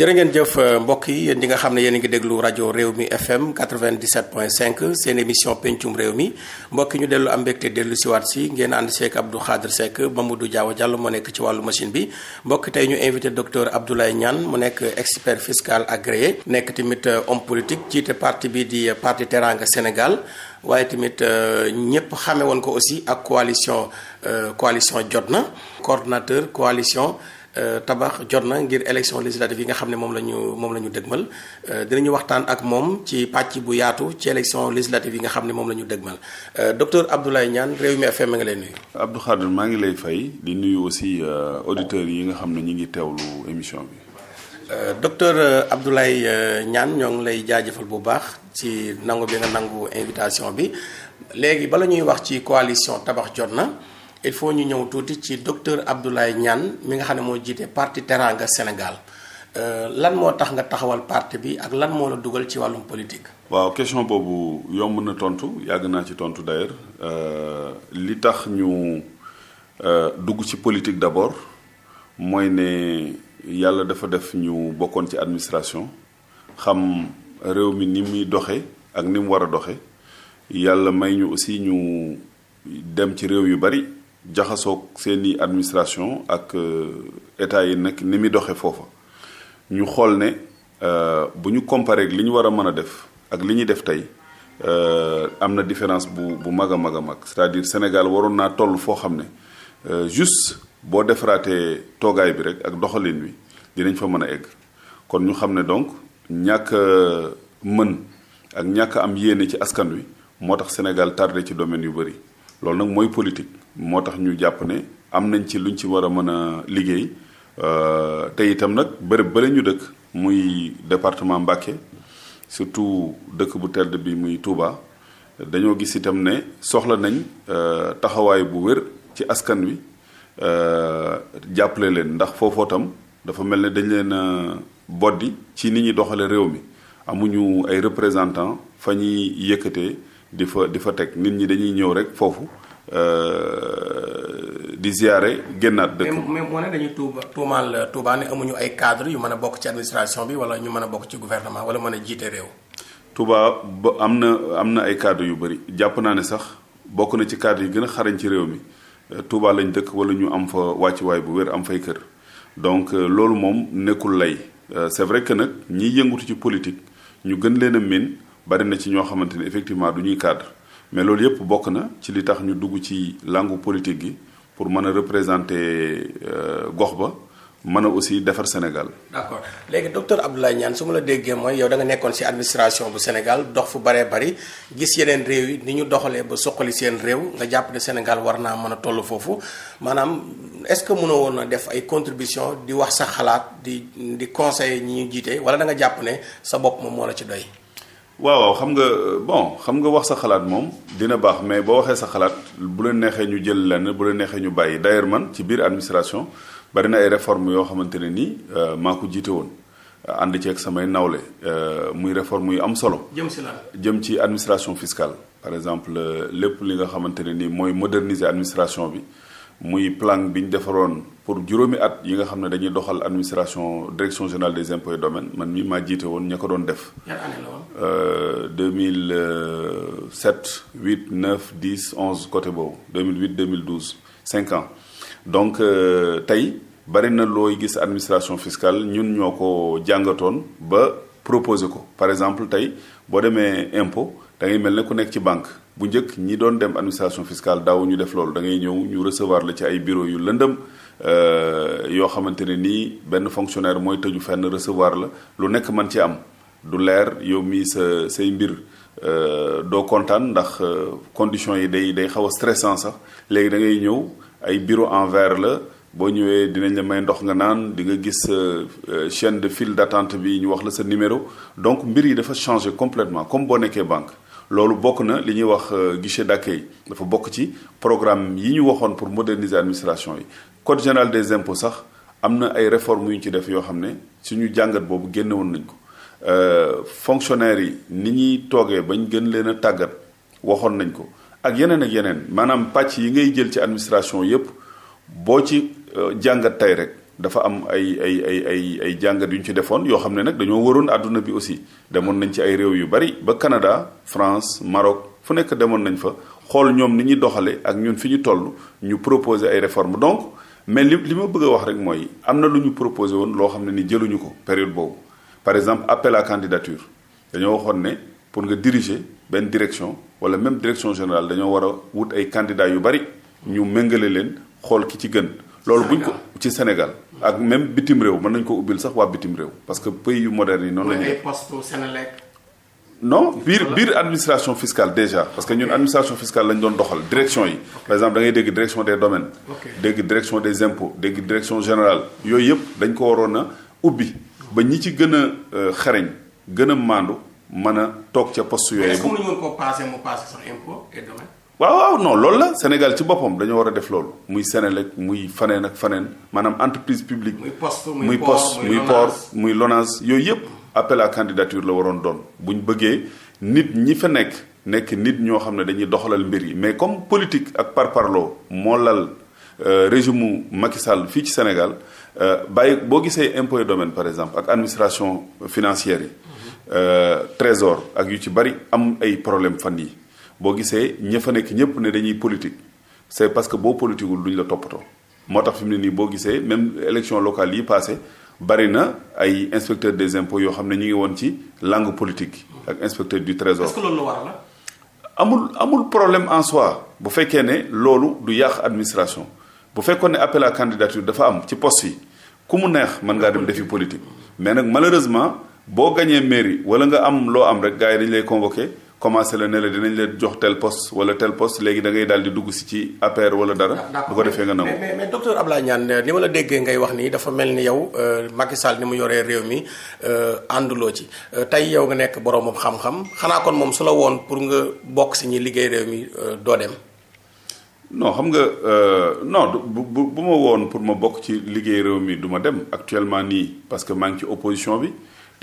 jërë ngeen jëf euh, mbokk yi yéen nga xam ne yéen a ngi déglu rajo réew mi FM 97.5 seen émission pencum réew mi mbokki ñu dellu am mbégte dellu siwaat si ngeen ànd seek Abdou ba mu du Diawa Diallo moo nekk ci wàllu machine bi mbokki tey ñu invité docteur Abdoulaye Niane mu nekk expert fiscal agréé nekk tamit euh, homme politique jiite parti bi di euh, parti Teranga Sénégal waaye tamit ñépp xame woon ko aussi ak coalition jot na coordonnateur coalition Euh, tabax jot na ngir élection législative yi nga xam ne moom la ñu moom la ñu dëgmal euh, dinañu waxtaan ak moom ci pàcc bu yaatu ci élection législative yi nga xam ne moom la ñu dëgmal euh, docteur Abdoulaye Niane Rewmi FM ma ngi lay nuyu. Abdou Khadre maa ngi lay fay di nuyu aussi auditeur yi nga xam ne ñu ngi teewlu émission bi. Euh, docteur euh, Abdoulaye euh, ñoo ngi lay jaajëfal bu baax ci nangu bi nga nangu invitation bi léegi bala ñuy wax ci coalition tabax jot na il faut ñu ñëw tuuti ci docteur Abdoulaye ñaan mi nga xam ne moo jiite parti Teranga Sénégal euh, lan moo tax nga taxawal parti bi ak lan moo la dugal ci wàllum politique. waaw question boobu yomb na tontu yàgg naa ci tontu d'ailleurs euh, li tax ñu euh, dugg ci politique d'abord mooy ne yàlla dafa def ñu bokkoon ci administration xam réew mi ni muy doxe ak ni mu war a doxe yàlla may ñu aussi ñu dem ci réew yu bari jaxasoog seeni administration ak euh, état yi nag ni muy doxee foofa ñu xool ne euh, bu ñu comparer ak li ñu war a mën a def ak li ñuy def tey euh, am na différence bu bu mag a mag a mag c'est-à-dire Sénégal waroon naa toll foo xam ne juste boo defaraatee toogaay bi rek ak doxalin wi dinañ fa mën a egg kon ñu xam ne donc ñàkk mën ak ñàkk am yéene ci askan wi moo tax Sénégal tardé ci domaine yu bëri loolu nag mooy politique moo tax ñu jàpp ne am nañ ci lu luñ ci war a mën a liggéey euh, te itam nag bërëb bële ñu dëkk muy département Mbacké surtout dëkk bu tedd bi muy Touba dañoo gis itam ne soxla nañ euh, taxawaay bu wér ci askan wi euh, jàppale leen ndax foofoo tam dafa mel ne dañ leen a boddi ci ni ñuy doxale réew mi amuñu ay représentant fa ñuy yëkkatee di fa di fa teg nit ñi dañuy ñëw rek foofu euh, di ziare génnaat dëkk. mais mais moo ne dañuy tuuba tuumaal euh, Touba ne amuñu ay cadre yu mën a bokk ci administration bi wala ñu mën a bokk ci gouvernement wala mën a jiite réew. Touba ba am na am na ay cadre yu bëri jàpp naa ne sax bokk na ci cadre yi gën a xarañ ci réew mi euh, Touba lañ dëkk wala ñu am fa wàccuwaay bu wér am fay kër donc loolu moom nekkul lay c'est vrai que nag ñiy yëngatu ci politique ñu gën leen a miin. bari na ci ñoo xamante ne effectivement du ñuy cadre mais loolu yëpp bokk na ci li tax ñu dugg ci langue politique gi pour mën a représenter euh, gox ba mën a aussi defar Sénégal. d'accord léegi docteur Abdoulaye Niane su ma la déggee mooy yow da nga nekkoon ci administration bu Sénégal dox fu baree bari gis yeneen réew yi ni ñu doxalee ba suqali seen réew nga jàpp ne Sénégal war naa mën a toll foofu maanaam est-ce que mënoo woon a def ay contribution di wax sa xalaat di di conseiller ñi jiite wala da nga jàpp ne sa bopp moom moo la ci doy. waaw waaw xam nga bon xam nga wax sa xalaat moom dina baax mais boo waxee sa xalaat bu la neexee ñu jël lenn bu la neexee ñu bàyyi d'ailleurs man ci biir administration bari na ay réformes yoo xamante ne nii euh, maa ko jiite woon ànd ak samay nawle euh, muy réforme yu am solo. jëm si la jëm ci administration fiscale par exemple euh, lépp li nga xamante ne nii mooy moderniser administration bi. muy plan bi ñu defaroon pour juróomi at yi nga xam ne dañuy doxal administration direction générale des impôts et domaines man mii maa jiite woon ña ko doon def. yan année la euh, euh, dix 2007 8 boobu deux 11 côté boobu 2008 2012 cinq ans donc euh, tey bari na looy gis administration fiscale ñun ñoo ko jàngatoon ba proposer ko par exemple tey boo demee impôt da ngay mel ne ku nekk ci banque. bu njëkk ñi doon dem administration fiscale daawu ñu def loolu da ngay ñëw ñu recevoir la ci ay bureau yu lëndëm euh, yoo xamante ni nii benn fonctionnaire mooy tëju fenn recevoir la lu nekk man ci am du leer yow mii sa say mbir euh, doo kontaan ndax euh, conditions yi day day xaw a stressant sax léegi da ngay ñëw ay bureau en verre la boo ñëwee dinañ la may ndox nga naan di nga gis chaîne de file d'attente bi ñu wax la sa numéro donc mbir yi dafa changer complètement comme boo nekkee banque loolu bokk na li ñuy wax euh, guichet d'accueil dafa bokk ci programme yi ñu waxoon pour moderniser administration yi code général des impôts sax am na ay réformes yu ñu ci def yoo xam ne suñu jàngat boobu génne woon nañ ko euh, fonctionnaires yi ni ñuy toogee ba ñu gën leen a tàggat waxoon nañ ko ak yeneen ak yeneen maanaam pàcc yi ngay jël ci administration yépp boo ci euh, jàngat tey rek dafa am ay ay ay ay ay jàngat yu ñu ci defoon yoo xam ne nag dañoo waroon àdduna bi aussi demoon nañ ci ay réew yu bari ba Canada France Maroc fu nekk demoon nañ fa xool ñoom ni ñuy doxale ak ñun fi ñu toll ñu proposer ay réformes donc mais li li ma bëgg a wax rek mooy am na lu ñu proposé woon loo xam ne ni jëluñu ko période boobu par exemple appel à candidature dañoo waxoon ne pour nga diriger benn direction wala même direction général dañoo war a wut ay candidats yu bari ñu méngale leen xool ki ci gën loolu buñ ko ci Sénégal ak même bitim réew mën nañ ko ubbil sax waa bitim réew parce que pays yu moderne yi noonu lañu def non biir biir administration fiscale déjà parce que ñun administration fiscale lañ doon doxal direction yi par exemple da dégg direction des domaines dégg direction des impôts dégg direction générale yooyu yëpp dañ ko waroon a ubbi ba ñi ci gën a euh, xarañ gën a maandu mën a toog ca poste yooyu. mais est-ce paase mu paase waaw waaw non loolu la Sénégal ci boppam dañoo war a def loolu muy Sénélec muy faneen ak faneen maanaam entreprise publique. muy poste muy poste muy port muy Lonase yooyu yëpp appel à candidature la waroon doon bu ñu bëggee nit ñi fa nekk nekk nit ñoo xam ne dañuy doxalal mbir yi mais comme politique ak par parparloo moo lal euh, régime mu Macky Sall fii ci Sénégal euh, bàyyi boo gisee impôt domaine par exemple ak administration financière yi. Mhm. Euh, trésor ak yu ci bari am ay problème fan yi boo gisee ña nekk ñëpp ne dañuy politique c'est parce que boo politiqueul duñ la toppatoo moo tax fi mu ne nii boo gisee même élection locale yi passé bari na ay inspecteur des impôts yoo xam ne ñu ngi woon ci langue politique ak inspecteur du trésor est-ce amul amul problème en soi bu fekkee ne loolu du yàq administration bu fekkoon ne appela à candidature dafa am ci post yi ku mu neex mën ngaa dem defi politique mais nag malheureusement boo gañee mairie wala nga am loo am rek gars yi dañu lay convoqué commencé la ne la dinañ la jox tel poste wala tel poste léegi da ngay daal di dugg si ci APR wala dara. du ko defee nga nangu. mais mais docteur Abdoulaye Niane ni ma la déggee ngay wax nii dafa mel ni yow euh, Macky Sall ni mu yoree réew mi euh, ànduloo ci euh, tey yow nga nekk boroomam xam-xam xanaa kon moom su woon pour nga bokk si ñi liggéey réew mi doo dem. non xam nga non bu bu bu ma woon pour ma bokk ci liggéey réew mi duma dem actuellement nii parce que maa ngi ci opposition bi.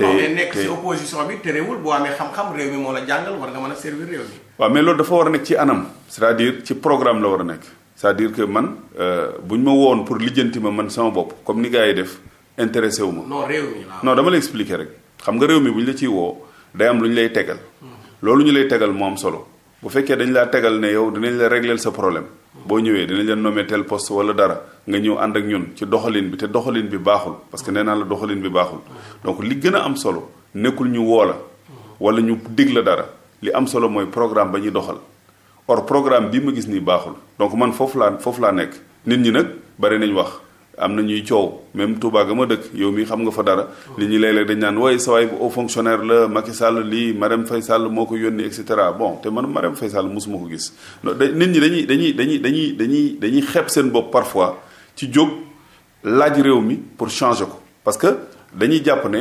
te mais nekk si opposition bi terewul boo amee xam-xam réew mi moo la jàngal war nga mën a servir réew waaw mais loolu dafa war a nekk ci anam c'est-à-dire ci programme la war a nekk c'est-à-dire que man euh, bu ñu ma woon pour lijjanti ma man sama bopp comme ni gars yi def intéressé wu ma. non réew mi non dama la expliquer rek xam nga réew mi bu ñu la ciy woo day am lu ñu lay tegal. Hmm. loolu ñu lay tegal moo am solo bu fekkee dañ laa tegal ne yow dinañ la régler sa problème. boo ñëwee dinañ leen nommer tel poste wala dara nga ñëw ànd ak ñun ci doxalin bi te doxalin bi baaxul parce que nee naa la doxalin bi baaxul donc li gën a am solo nekkul ñu woola la wala ñu dig la dara li am solo mooy programme ba ñuy doxal or programme bi ma gis nii baaxul donc man foofu laa foofu laa nekk nit ñi nag bari nañ wax am na ñuy coow même Touba ga ma dëkk yow mi xam nga fa dara li ñu léeg dañ naan waaye sa waay haut fonctionnaire la Macky Sall lii Marème Faye Sall moo ko yónni et bon te man Marème Faye Sall mosuma ko gis nit ñi dañuy dañuy dañuy dañuy dañuy dañuy xeeb seen bopp parfois ci jóg laaj réew mi pour changer ko parce que dañuy jàpp ne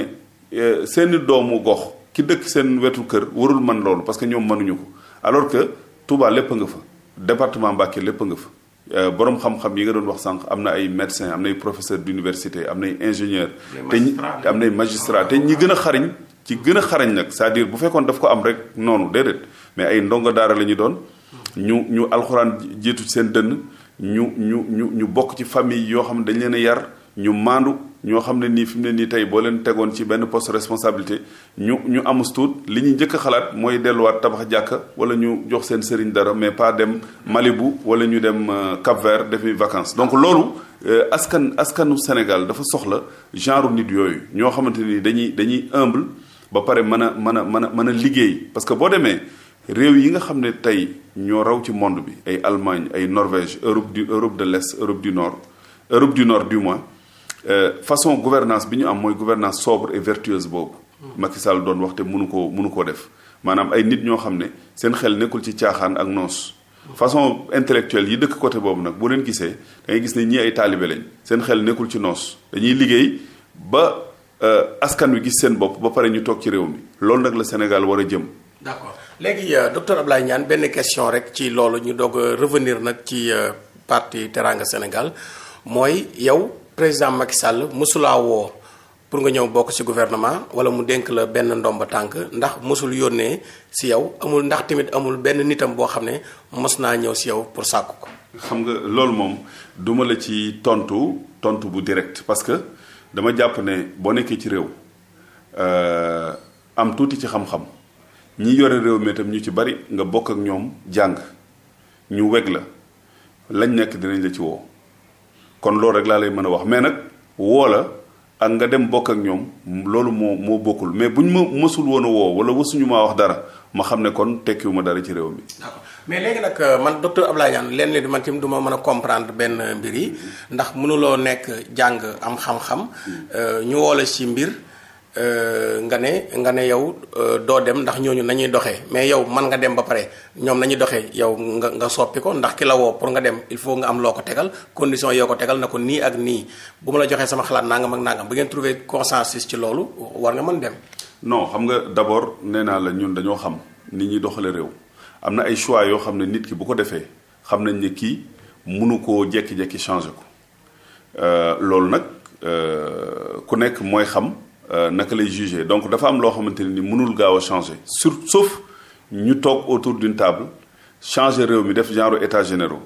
euh, seeni doomu gox ki dëkk seen wetu kër warul mën loolu parce que ñoom mënuñu ko alors que Touba lépp nga fa département Mbacké lépp nga fa Euh, borom xam-xam yi nga doon wax sànq am na ay médecins am na ay professeurs d'université am na ay ingénieurs. te am na ay magistrats te ñi gën a xariñ ci gën a xarañ nag cest à bu fekkoon daf ko am rek noonu déedéet mais ay ndongo daara la ñu doon. ñu ñu alxuraan jiitu seen dënn ñu ñu ñu ñu bokk ci famille yoo xam ne dañ leen yar ñu maandu. ñoo xam ne nii fi mu ne nii tey boo leen tegoon ci benn poste responsabilité ñu ñu amus tuut li ñuy njëkk a xalaat mooy delluwaat tabax jàkk wala ñu jox seen sëriñ dara mais pas dem Malibu wala ñu dem euh, Cap Vert defi vacances donc loolu euh, askan askanu Sénégal dafa soxla genre nit yooyu ñoo xamante ni dañuy dañuy humble ba pare mën a mën a mën a mën a liggéey parce que boo demee réew yi nga xam ne tey ñoo raw ci monde bi ay Allemagne ay Norvège Europe du Europe de l'Est Europe du Nord Europe du Euh, façon gouvernance bi ñu am mooy gouvernance sobre et vertueuse boobu. Macky Sall doon wax te mënu koo mënu koo def maanaam ay nit ñoo xam ne seen xel nekkul ci caaxaan ak noos. façon intellectuelle yi dëkk côté boobu nag bu leen gisee da gis ne ñii ay taalibe lañ seen xel nekkul ci noos dañuy liggéey ba euh, askan wi gis seen bopp ba pare ñu toog ci réew mi loolu nag la Sénégal war a jëm. d'accord léegi euh, docteur Abdoulaye ñaan benn question rek ci loolu ñu doog revenir nag ci parti Teranga Sénégal mooy yow. président Macky Sall mosulaa woo pour nga ñëw bokk ci gouvernement wala mu denk la benn ndomb tànk ndax mosul yónnee si yow amul ndax tamit amul benn nitam boo xam ne mos naa ñëw si yow pour sàkku ko. xam nga loolu moom duma la ci tontu tontu bu direct parce que dama jàpp ne boo nekkee ci réew euh, am tuuti ci xam-xam ñi yore réew mi ñu ci bari nga bokk ak ñoom jàng ñu weg la lañ nekk dinañ la ci woo. kon loolu rek laa lay mën a wax mais nag woo la ak nga dem bokk ak ñoom loolu moo moo bokkul mais buñ ma mësul woon a woo wala wasuñu maa wax dara ma xam ne kon tekkiwuma dara ci réew mi. mais léegi nag euh, man docteur Abdoulaye Niane leen leen man tamit du mën a comprendre benn mbir yi mm-hmm. ndax mënuloo nekk jàng am xam-xam mm-hmm. euh, ñu woo ci mbir. Euh, nga ne nga ne yow euh, doo dem ndax ñooñu nañuy doxee mais yow man nga dem ba pare ñoom nañuy doxee yow nga nga soppi ko ndax ki la pour nga dem il faut nga am loo ko tegal condition yoo ko tegal na ko nii ak nii bu ma la joxee sama xalaat nangam ak nangam bu ngeen trouver consensus ci loolu war nga man dem. non xam nga d'abord nee naa la ñun dañoo xam nit ñi doxale réew am na ay choix yoo xam ne nit ki bu ko defee xam nañ ne kii mënu koo jékki-jékki changer ko euh, loolu nag ku nekk mooy xam. Euh, naka lay juger donc dafa am loo xamante ne ni mënul gaaw a changer sur sof ñu toog autour d'une table changer réew mi def genre état généro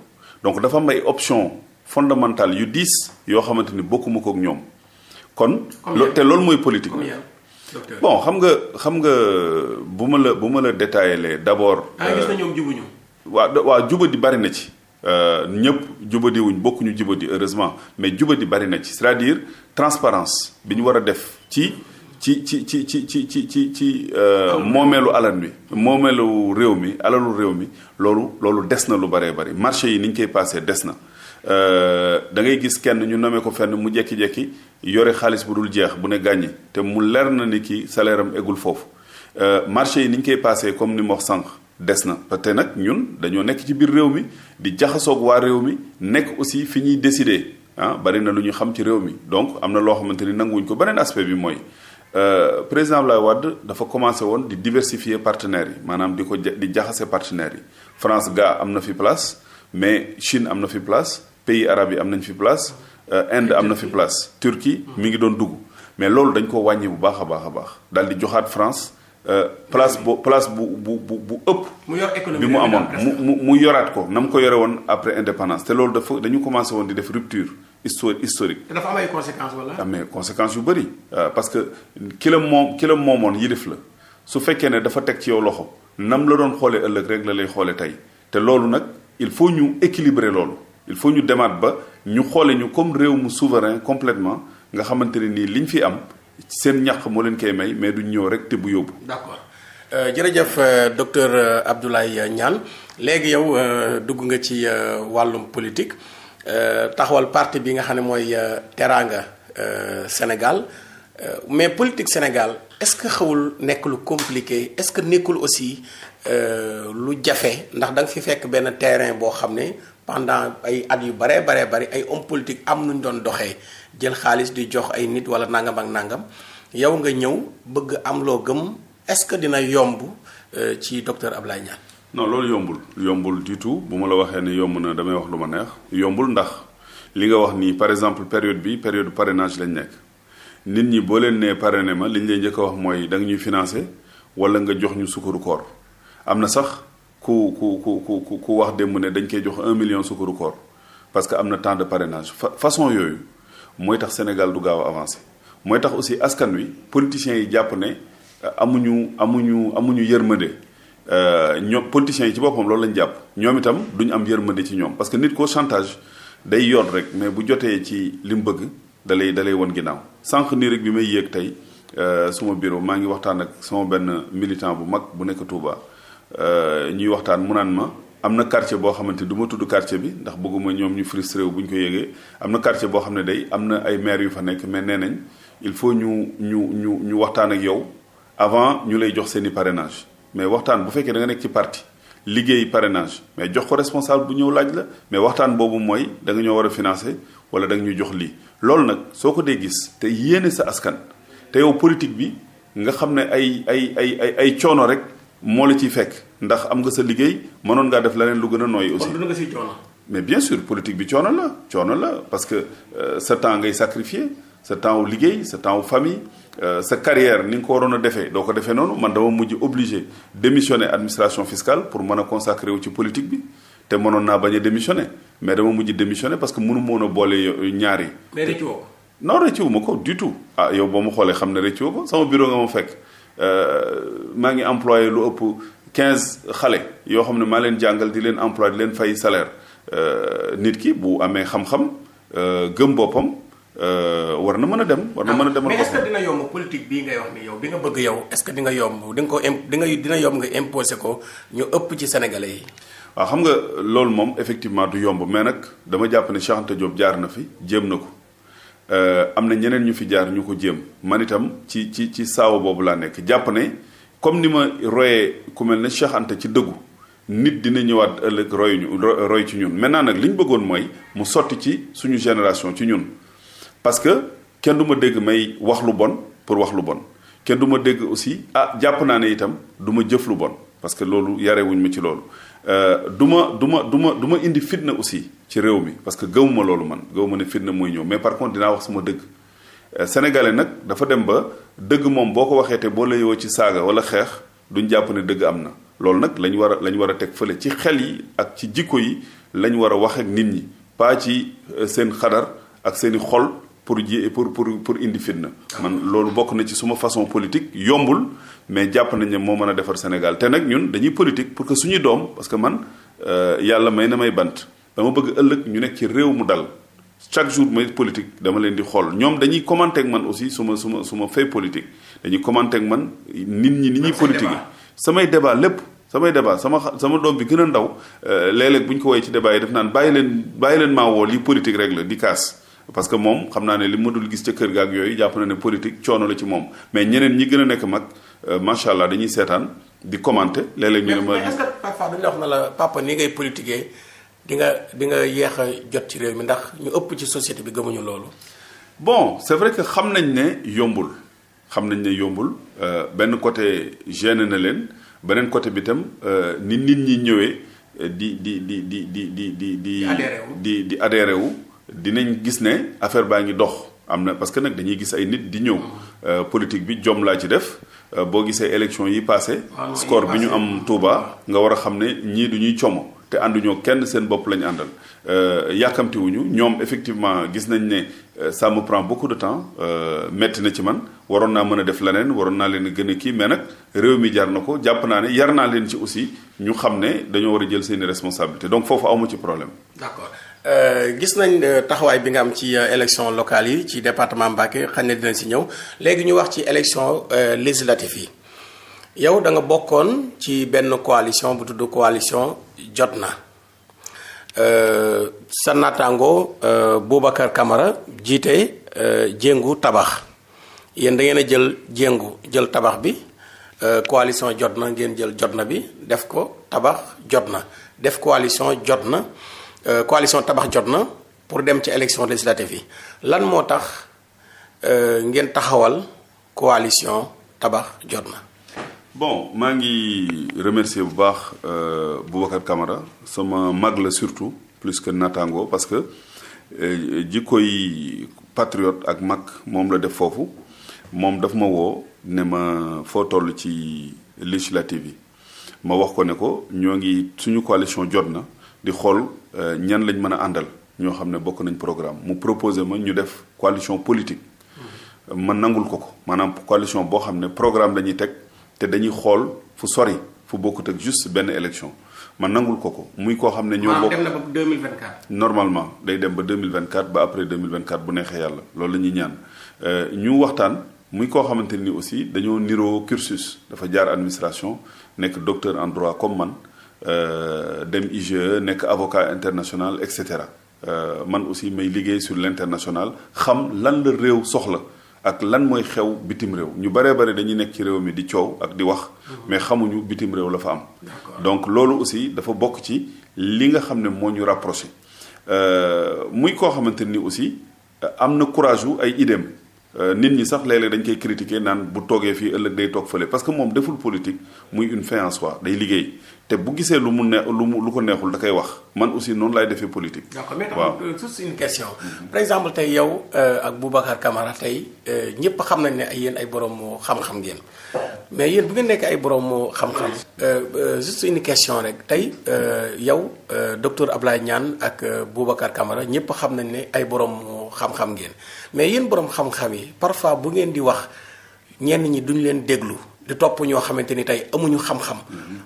donc dafa am ay option fondamentale yu diis yoo xamante ni bokkuma ak ñoom kon te loolu mooy politique bon xam nga xam nga bu ma la bu ma la détaillé d'abord. ah gis na euh, ñoom waa waa juba di bari na ci. Euh, ñëpp jubadiwuñ bokkuñu jubadi heureusement mais jubadi bari na ci cest à transparence bi ñu war a def ci ci ci ci ci ci ci ci ci euh, moomeelu alal bi moomeelu réew mi alalu réew mi loolu loolu des na lu bëree bari marché yi ni ñu koy passé des na euh, da ngay gis kenn ñu nomee ko fenn mu jekki-jekki yore xaalis bu dul jeex bu ne gàññi te mu leer na ni kii salaire am eggul foofu marché yi ni ñu koy passé comme ni ma wax sànq des na te nag ñun dañoo nekk ci biir réew mi di jaxasoog waa réew mi nekk aussi fi ñuy décider ah bari na lu ñu xam ci réew mi donc am na loo xamante ni nanguwuñ ko beneen aspect bi mooy euh, président Abdoulaye Wade dafa commencé woon di diversifier partenaires yi maanaam di ko di jaxase partenaires yi France ga am na fi place mais Chine am na fi place pays arabes yi am nañ fi place euh, Inde am na fi place Turquie mu ngi doon dugg mais loolu dañ ko wàññi bu baax a baax a baax daal di joxaat France Euh, place bo place bu bu bu bu ëpp. mu yor économie bi mu amoon mu mu yoraat ko na ko yore woon après indépendance te loolu dafa dañu commencé woon di def rupture histori historique. te dafa am ay conséquences wala. Ah, yu bëri euh, parce que ki la moom ki la moomoon yilif la su fekkee ne dafa teg ci yow loxo nam la doon xoolee ëllëg rek la lay xoolee tey te loolu nag il faut ñu équilibrer loolu il faut ñu demaat ba ñu xoolee ñu comme réew mu souverain complètement nga xamante ne nii liñ fi am. seen ñàq moo leen koy may mais du ñëw rek te bu yóbbu. d'accord euh, jërëjëf euh, docteur euh, Abdoulaye ñaan léegi yow dugg nga ci wàllum politique taxawal parti bi nga xam ne mooy Teranga Sénégal mais politique Sénégal est-ce que xawul nekk lu compliqué est-ce que nekkul aussi lu jafe ndax danga nga fi fekk benn terrain boo xam ne pendant ay at yu baree baree bari ay hommes politiques am nuñ doon doxee. jël xaalis di jox ay nit wala nangam ak nangam yow nga ñëw bëgg am loo gëm est-ce que dina yomb euh, ci docteur Ablaye Niane. non loolu yombul yombul du tout bu ma la waxee ne yomb na damay wax lu ma neex yombul ndax li nga wax nii par exemple période bi période parrainage lañ nekk nit ñi boo leen nee parrainé ma li ñu lay njëkk a wax mooy da nga ñuy financé wala nga jox ñu sukkaru koor am na sax ku ku ku ku ku wax démb ne dañ koy jox un million sukkaru koor parce que am na temps de parrainage façon yooyu. mooy tax Sénégal du gaaw a avancé mooy tax aussi askan wi politiciens yi jàpp ne euh, amuñu amuñu amuñu yërmande euh, ñoom politiciens yi ci boppam loolu lañ jàpp ñoom itam duñu am yërmande ci ñoom parce que nit koo chantage day yoon rek mais bu jotee ci li mu bëgg da lay da won ginnaaw sànq nii rek bi may yéeg tey euh, suma biro maa ngi waxtaan ak sama benn militant bu mag bu nekk Touba ñuy waxtaan mu naan ma. am na quartier boo xamante du ma tudd quartier bi ndax bëgguma ñoom ñu frustré wu bu ñu ko yëgee am na quartier boo xam ne day am na ay maire yu fa nekk mais nee nañ il faut ñu ñu ñu ñu waxtaan ak yow avant ñu lay jox seen i parrainage mais waxtaan bu fekkee danga nekk ci parti liggéey parrainage mais jox ko responsable bu ñëw laaj la mais waxtaan boobu mooy da ñoo war a financer wala danga nga ñu jox lii loolu nag soo ko dee gis te yéene sa askan te yow politique bi nga xam ne ay ay ay ay ay coono rek moo la ciy fekk ndax am nga sa liggéey mënoon ngaa def leneen lu gën a nooy aussi mais bien sûr politique bi coono la coono la parce que euh, sa temps ngay sacrifier sa temps liggéey sa temps famille euh, sa ni nga ko waroon a defee doo ko defee noonu man dama mujj obligé démissionner administration fiscale pour mën a consacrer wu ci politique bi te mënoon naa bañ a démissionner mais dama mujj démissionner parce que mënu moon a boole ñaari yi. mais rëccu woo wu ma ko du tout ah yow boo ma xoolee xam ne rëccu woo ko sama bureau nga ma euh, maa ngi employé lu ëpp. quinze xale yoo xam ne maa leen jàngal di leen emploi di leen fay salaire euh, nit ki bu amee xam-xam euh, gëm boppam euh, war na mën a dem. war na mën a demal boppam mais politique bii ngay wax yow bi nga bëgg yow est-ce que di nga yomb di nga ko di nga dina yomb nga imposé ko ñu ëpp ci sénégalais yi. waaw xam nga loolu moom effectivement du yomb mais nag dama jàpp ne Cheikh Anta Diop jaar na fi jéem na ko. am na ñeneen ñu fi jaar ñu ko jéem man itam ci ci ci saawa boobu laa nekk jàpp ne. comme ni ma royee ku mel ne Cheikh ci dëggu nit dina ñëwaat ëllëg roy ñu roy ci ñun maintenant nag li ñu bëggoon mooy mu sotti ci suñu génération ci ñun parce que kenn du ma dégg may wax lu bon pour wax lu bon kenn du ma dégg aussi ah jàpp naa ne itam du ma jëf lu bon parce que loolu yarewuñ ma ci loolu euh, du ma du ma du ma du ma indi fitna aussi ci réew mi parce que gëwuma loolu man gëwuma ne fitna mooy ñëw mais par contre dinaa wax suma dëgg Euh, sénégalais nag dafa dem ba dëgg moom boo ko waxee te boo la yowoo ci saaga wala xeex duñ jàpp ne dëgg am na loolu nag lañ war a lañ war a teg fële ci xel yi ak ci jikko yi lañ war a wax ak nit ñi paa ci euh, seen xadar ak seen i xol pour ji pour pour pour indi na man loolu bokk na ci suma façon politique yombul mais jàpp nañ moo mën a defar Sénégal te nag ñun dañuy politique pour que suñu doom parce que man euh, yàlla may na may bant dama bëgg ëllëg ñu nekk ci réew mu dal. chaque jour may politique dama leen di xool ñoom dañuy commenter ak man aussi suma suma suma fait politique dañuy commenter ak man nit ñi ni ñuy politique samay débat lépp samay débat sama sama doom bi gën a ndaw euh, léeg-léeg bu ñu ko woowee ci débat yi def naan bàyyi leen bàyyi leen maa woo lii rek la di kaas parce que moom xam naa ne li ma dul gis ca kër ga ak yooyu jàpp na ne politique coono la ci moom mais ñeneen ñi gën a nekk mag euh, macha allah dañuy seetaan di commenter léeg-léeg ñu ne ma. mais di nga di nga yéex a jot ci réew mi ndax ñu ëpp ci société bi gëmuñu loolu. bon c'est vrai que xam nañ ne yombul xam nañ ne yombul euh, benn côté gêné na leen beneen côté bi tam euh, ni nit ñi ñëwee euh, di di di di di di di di di di adhéré wu dinañ gis ne affaire baa ngi dox am na parce que nag dañuy gis ay nit di ñëw mm. politique bi jom laa ci def boo gisee élection yi passé ah, score bi ñu am Touba mm. nga war a xam ne ñii du ñuy como te ànduñoo kenn seen bopp la ñu àndal euh, yàkkamtiwuñu ñoom effectivement gis nañ ne sàmm euh, me prend de temps euh, metti na ci man waroon naa mën a def leneen waroon naa leen gën a kii mais nag réew mi jar na ko jàpp naa ne yar naa leen ci aussi ñu xam ne dañoo war a jël seeni responsabilité donc foofu awma ci problème. d'accord. gis nañ taxawaay bi nga am ci élection locale yi ci département Mbacké xañ ne dina si ñëw léegi ñu wax ci élection législative yi yow da nga bokkoon ci benn jot na euh, sa naataango euh, Boubacar kamara jiite euh, jéngu tabax yéen da ngeen a jël jéngu jël tabax bi coalition jot na ngeen jël jot na bi def ko tabax jot na def coalition jot na coalition tabax jot na pour dem ci élection législative yi lan moo tax ngeen taxawal coalition tabax jot na bon maa ngi remercier bu baax bu euh, Boubacar kamara sama mag la surtout plus que natango parce que euh, koy patriote ak mag moom la def foofu moom daf ma woo ne ma foo toll ci législative yi ma wax ko ne ko ñoo ngi suñu coalition jot na di xool euh, ñan lañ mën a àndal ñoo xam ne bokk nañ programme mu proposé ma ñu def coalition politique mmh. ma nangul ko ko maanaam coalition boo xam ne programme la ñuy teg te dañuy xool fu sori fu bokkut ak juste benn élection man nangul ko ko muy koo xam ne. ñoo ah, bokk dem na normalement day dem ba 2024 ba après 2024 bu neexee yàlla loolu la ñuy ñaan euh, ñu waxtaan muy koo xamante ni aussi dañoo niroo cursus dafa jaar administration nekk docteur en droit comme man euh, dem IGE nekk avocat international et cetera euh, man aussi may liggéey sur l' international xam lan la réew soxla. ak lan mooy xew bitim réew ñu baree bari dañuy nekk ci réew mi di coow ak di wax mm-hmm. mais xamuñu bitim réew la fa am donc loolu aussi dafa bokk ci li nga xam ne moo ñu rapproché euh, muy koo xamante ni aussi euh, am na courage wu ay idéem euh, nit ñi sax léeg-léeg dañ koy critiquer naan bu toogee fi ëllëg day toog fële parce que moom deful politique muy une fin en day liggéey te bu gisee lu mu ne lu mu lu ko neexul da koy wax man aussi noonu laay defee politique. waaw mais euh, juste question. par exemple tey yow euh, ak Boubacar kamara tey euh, ñëpp xam nañ ne ay yéen ay borom xam-xam ngeen mais yéen bu ngeen nekk ay borom xam-xam. juste question rek tey yow docteur Ablaye Niane ak Boubacar Camara ñëpp xam nañ ne ay borom xam ngeen mais yéen borom xam yi parfois bu ngeen di wax ñenn ñi duñ leen déglu. di topp ñoo xamante ni tey amuñu xam-xam.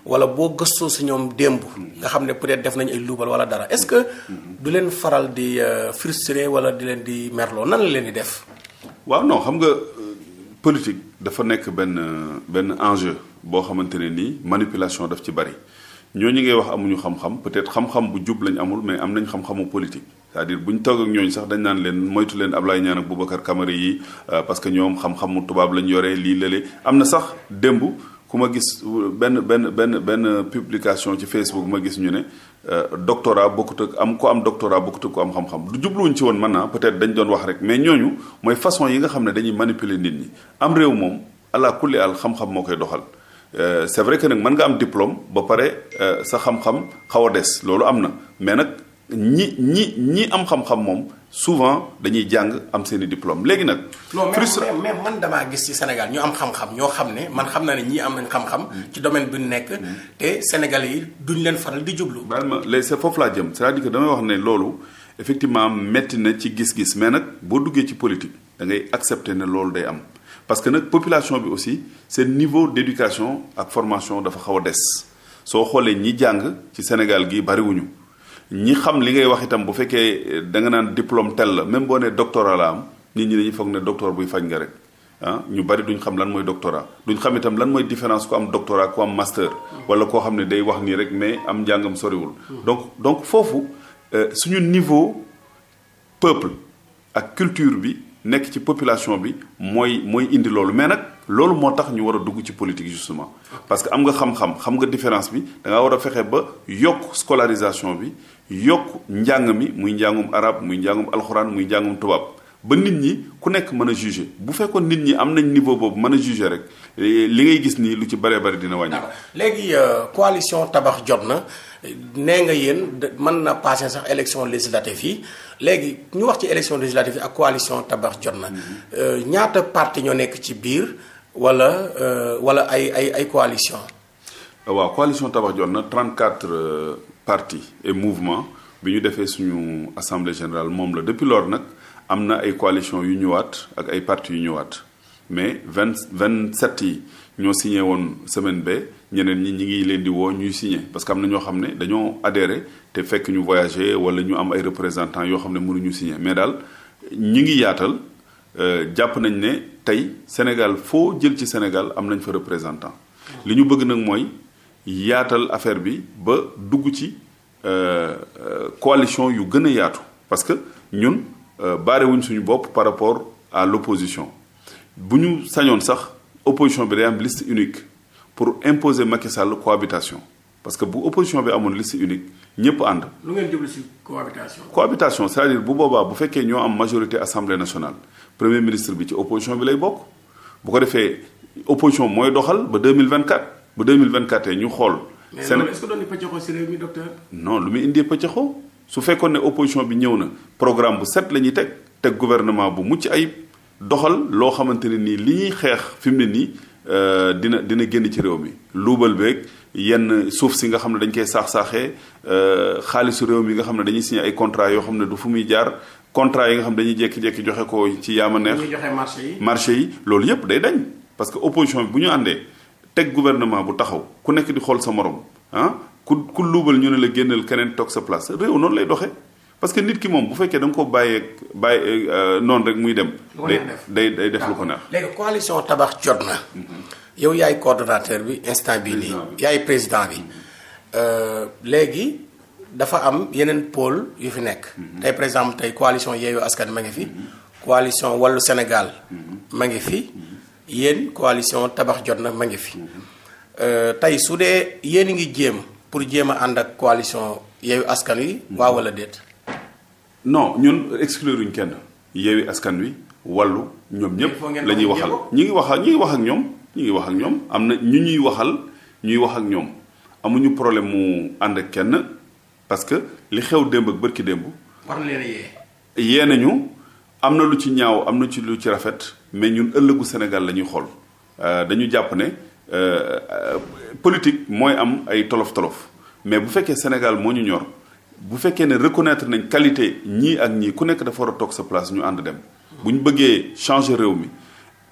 wala boo gëstu si ñoom démb. nga xam ne peut def nañ ay luubal wala dara est-ce que. du leen faral di euh, frustré wala di leen di merloo nan la leen di def. waaw non xam nga euh, politique dafa nekk benn euh, benn enjeu boo xamante ne nii manipulation daf ci bari. ñoo ñooñu ngay wax amuñu xam-xam peut-être xam-xam bu jub lañ amul mais am nañ xam-xamu politique cest à buñ toog ñooñu sax dañ naan leen moytu leen Ablaye Niane ak Boubacar Camara yi euh, parce que ñoom xam-xamu tubaab lañ yore lii lële am na sax démb ku ma gis benn benn benn benn publication ci Facebook ma gis ñu ne euh, doctorat bokkut ak am ko am doctorat bokkut ko am xam-xam du jubluwuñ ci woon man naa ah, peut-être dañ doon wax rek mais ñooñu mooy façon yi nga xam ne dañuy manipuler nit am réew moom allah kulli al xam moo koy doxal. Euh, c'est vrai que nag mën nga am diplôme ba pare euh, sa xam-xam xaw a des loolu am na mais nag ñi ñi ñi am xam-xam moom souvent dañuy jàng am seen i diplôme léegi nag. frustre non mais man damaa gis ci Sénégal ñu am xam-xam ñoo xam ne man xam naa ne ñii am nañ xam-xam. Hmm. ci domaine bi nekk. Hmm. te Sénégal yi duñ leen faral di jublu. baal ma léegi c'est foofu laa jëm cest à damay wax ne loolu effectivement métti na ci gis-gis mais nag boo duggee ci politique da ngay accepter loolu day am. parce que nag population bi aussi seen niveau d'éducation ak formation dafa xaw a des soo xoolee ñi jàng ci Sénégal gi bariwuñu ñi xam li ngay wax itam bu fekkee eh, da nga naan diplôme tel la même boo nee doctorat la am nit ñi dañuy foog ne docteur buy faj nga rek ah ñu bari duñ xam lan mooy doctorat duñ xam itam lan mooy différence ku am doctorat ku am master. wala koo xam ne day wax nii rek mais am njàngam soriwul. donc donc foofu euh, suñu niveau peuple ak culture bi. nekk ci population bi mooy mooy indi loolu mais nag loolu moo tax ñu war a dugg ci politique justement parce que am nga xam-xam xam nga différence bi da war a fexe ba yokk scolarisation bi yokk njàng mi muy njàngum arab muy njàngum alxuraan muy njàngum tubaab ba nit ñi ku nekk mën a juger bu fekkoon nit ñi am nañ niveau boobu mën a juger rek li ngay gis nii lu ci bëree bëri dina wàññi. léegi euh, coalition tabax jot na nee nga yéen mën na passé sax élection législative yi léegi ñu wax ci élection législative yi ak coalition tabax jot na mhm. euh, ñaata parti ñoo nekk ci biir wala euh, wala ay ay ay coalition waaw coalition tabax jot na 34 partis et mouvement bi ñu defee suñu assemblée générale moom la depuis lors nag. am na ay coalition yu ñëwaat ak ay parti yu ñëwaat mais vingt vingt sept yi ñoo signé woon semaine ba ñeneen ñi ñi ngi leen di woo ñuy signé parce que am na ñoo xam ne dañoo adhéré te fekk ñu voyagé wala ñu am ay représentant yoo xam ne mënuñu signé mais daal ñi ngi yaatal euh, jàpp nañ ne tey Sénégal foo jël ci Sénégal am nañ fa représentant li ñu bëgg nag mooy yaatal affaire bi ba dugg ci euh, euh, coalition yu gën a yaatu parce que ñun Euh, baare wuñ suñu bopp par rapport à l'opposition bu ñu sañoon sax opposition bi day am liste unique pour imposer Macky Sall cohabitation parce que bu opposition bi amoon liste unique ñëpp ànd. lu ngeen jublu ci cohabitation. cohabitation c'est-à-dire bu boobaa bu fekkee ñoo am majorité assemblée nationale premier ministre bi ci opposition bi lay bokk bu ko defee opposition mooy doxal ba 2024 ba 2024 ñu ba seen mais loolu est-ce que doon na pëccëxoo ci réew mi docteur. non lu muy indi pëccëxoo. su fekkoon ne opposition bi ñëw na programme bu set la ñuy teg teg guvernement bu mucc ayib doxal loo xamante ne nii li ñuy xeex fi mu ne nii euh, dina dina génn ci réew mi luubal beek yenn suuf si nga xam ne dañ koy saax-saaxee euh, xaalisu réew bi nga xam ne dañuy signé ay contrat yoo xam ne du fu muy jaar contrat yi nga xam ne dañuy jékki-jékki joxe ko ci yaama neex marché yi loolu yépp day dañ parce que opposition bi bu ñu àndee teg guvernement bu taxaw ku nekk di xool sa morom ah ku ku luubal ñu ne la génnal keneen toog sa place réew noonu lay doxee parce que nit ki moom bu fekkee da nga ko bàyyeeg bàyyi euh, noonu rek muy dem. day day def lu ko neex. léegi coalition tabax jot na. Mhm. yow yaay coordonnateur bi instant bii nii. yaay président bi. Euh, léegi dafa am yeneen pôle yu fi nekk. Mhm. tey par tey coalition Yewwi Askan ma ngi fi. Mhm. coalition Wallu senegal ma ngi fi. yéen coalition tabax jot na ma ngi fi. Euh, tey su dee yéen a ngi jéem. pour jéem a ànd ak coalition Yewwi Askan Wi. waaw wala déet. non ñun excluruñ kenn Yewwi Askan Wi wallu ñoom ñëpp. la ñuy waxal ñi ngi wax ñi wax ak ñoom ñi ngi wax ak ñoom am na ñu ñuy waxal ñuy wax ak ñoom amuñu problème mu ànd ak kenn parce que li xew démb ak bërki démb. war leen a yee. nañu am na lu ci ñaaw am na ci lu ci rafet mais ñun ëllëgu Sénégal la ñuy xool euh, dañu jàpp ne. Euh, politique mooy am ay tolof tolof mais bu fekkee Sénégal moo ñu ñor bu fekkee ne reconnaître nañ qualité ñii ak ñii ku nekk dafa war a toog sa place ñu ànd dem. bu ñu bëggee changer réew mi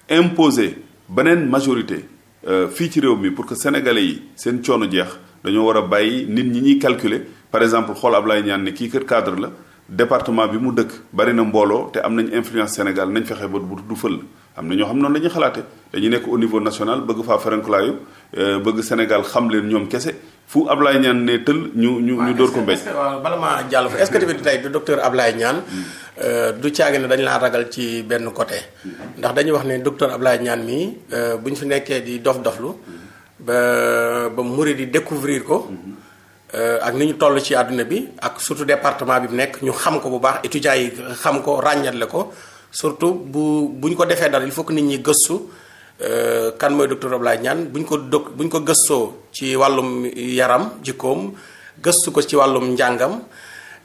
imposer beneen majorité euh, fii ci réew mi pour que sénégalais yi seen coono jeex dañoo war a bàyyi nit ñi ñuy calculer par exemple xool Ablaye ñaan ne kii kër cadre la département bi mu dëkk bari na mbooloo te am nañ influence Sénégal nañ fexe ba du fël. am na ñoo xam noonu la ñuy xalaate dañu nekk au niveau national bëgg faa ferenkulaayu euh, bëgg Sénégal xam leen ñoom kese fu Ablaye Niane ne tël ñu ñu ñu dóor ko mbéy waaw bala maa jàll fa est-ce que tamit tey du docteur Ablaye Niane hmm. euh, du càgg ne dañ laa ragal ci benn côté hmm. ndax dañuy wax ne docteur Ablaye ñaan mii euh, bu ñu fi nekkee di dof-doflu hmm. ba ba muri di découvrir ko ak ni ñu toll ci àdduna bi ak surtout département bi mu nekk ñu xam ko bu baax étudiants yi xam ko ràññatle ko surtout bu bu ñu ko defee dara il faut que nit ñi gëstu euh, kan mooy docteur Abdoulaye Niane bu ñu ko dog bu ñu ko gëstoo ci wàllum yaram jikkoom gëstu ko ci wàllum njàngam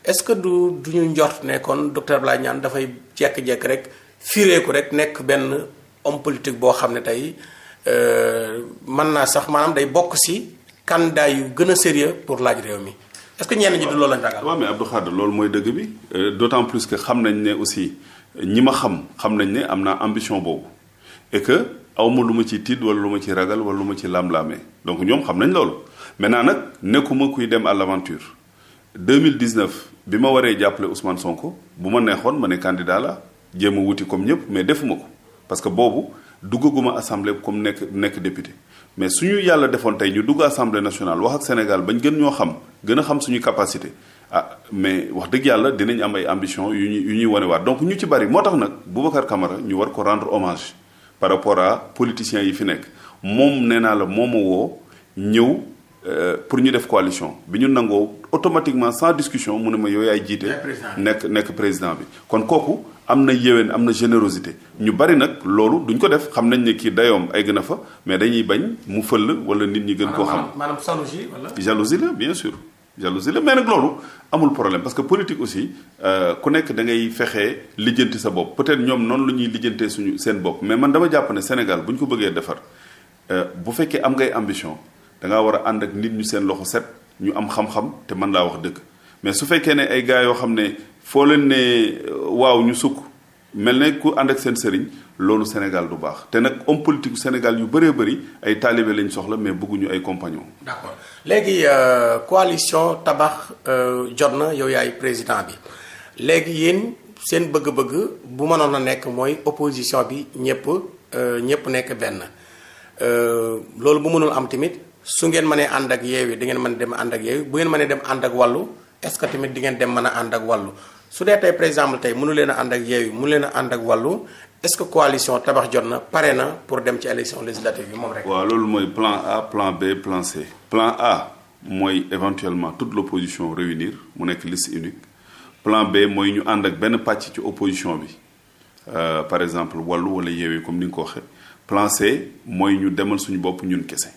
est-ce que du du ñu njort ne kon docteur Abdoulaye Niane dafay jekk-jekk rek fiiree ko rek nekk benn homme politique boo xam ne tey euh, man naa sax maanaam day bokk si daay yu gën a sérieux pour laaj réew mi est-ce que ñenn ñi du loolu lañ ragal. waaw mais Abdou Khadre loolu mooy dëgg bi euh, d'autant plus que xam nañ ne aussi. ñi ma xam xam nañ ne am naa ambition boobu et que awma lu ma ci tiit wala lu ma ci ragal wala lu ma ci laam-laamee donc ñoom xam nañ loolu maintenant nag nekkuma kuy dem à l'aventure 2019 bi ma waree jàppale Ousmane Sonko bu ma neexoon ma ne candidat la jéem a wuti comme ñëpp mais defuma ko parce que boobu duggaguma assemblée comme nekk nekk député mais suñu yàlla defoon tey ñu dugg assemblée nationale wax ak Sénégal bañ gën ñoo xam gën a xam suñu capacité mais wax dëgg yàlla dinañ am ay ambition yu ñuy yu ñuy wanewaat donc ñu ci bari moo tax nag Boubacar Camara ñu war ko rendre hommage par rapport à politiciens yi fi nekk moom nee naa la moom woo ñëw euh, pour ñu def coalition bi ñu nangoo automatiquement sans discussion mu ne ma yow yaay jiite. nekk nekk président bi. kon kooku am na yéwén am na générosité ñu bari nag loolu duñ ko def xam nañ ne kii dayoom ay gën a fa mais dañuy bañ mu fël wala nit ñi gën koo xam. maanaam jalousie wala. jalousie la jalousie la mais nag loolu amul problème parce que politique aussi euh, ku nekk dangay ngay fexe lijjanti sa bopp peut-être ñoom noonu lu ñuy lijjantee suñu seen bopp mais man dama jàpp Sénégal bu ñu ko bëggee defar euh, bu fekkee am ngay ambition da war a ànd ak nit ñu seen loxo set ñu am xam-xam te man laa wax dëkk mais su fekkee ne ay gars yoo xam ne foo leen ne euh, waaw ñu sukk mel ne ku ànd ak seen sëriñ loolu Sénégal du baax te nag homme politique Sénégal yu bëree bëri ay taalibe lañ soxla mais bëgguñu ay compagnons. léegi euh, coalition tabax euh, jot na yow yaay président bi léegi yéen seen bëgg-bëgg bu mënoon a nekk mooy opposition bi ñëpp euh, ñëpp nekk benn loolu bu mënul am tamit su ngeen mënee ànd ak yeewi di ngeen mën dem ànd ak yeewi bu ngeen mënee dem ànd ak wallu est-ce que tamit di ngeen dem mën a ànd ak wàllu su dee tey par exemple tey mënu leen a ànd ak yeewi mënu leen a ànd ak wàllu est-ce que coalition tabax jot na pare na pour dem ci élection législative bi moom rek. waaw loolu mooy plan B plan plan A mooy éventuellement toute l'opposition réunir mu nekk liste unique plan B mooy ñu ànd ak benn pàcc ci opposition bi euh, par exemple wàllu wala yeewee comme ni nga ko waxee plan C mooy ñu demal suñu bopp ñun kese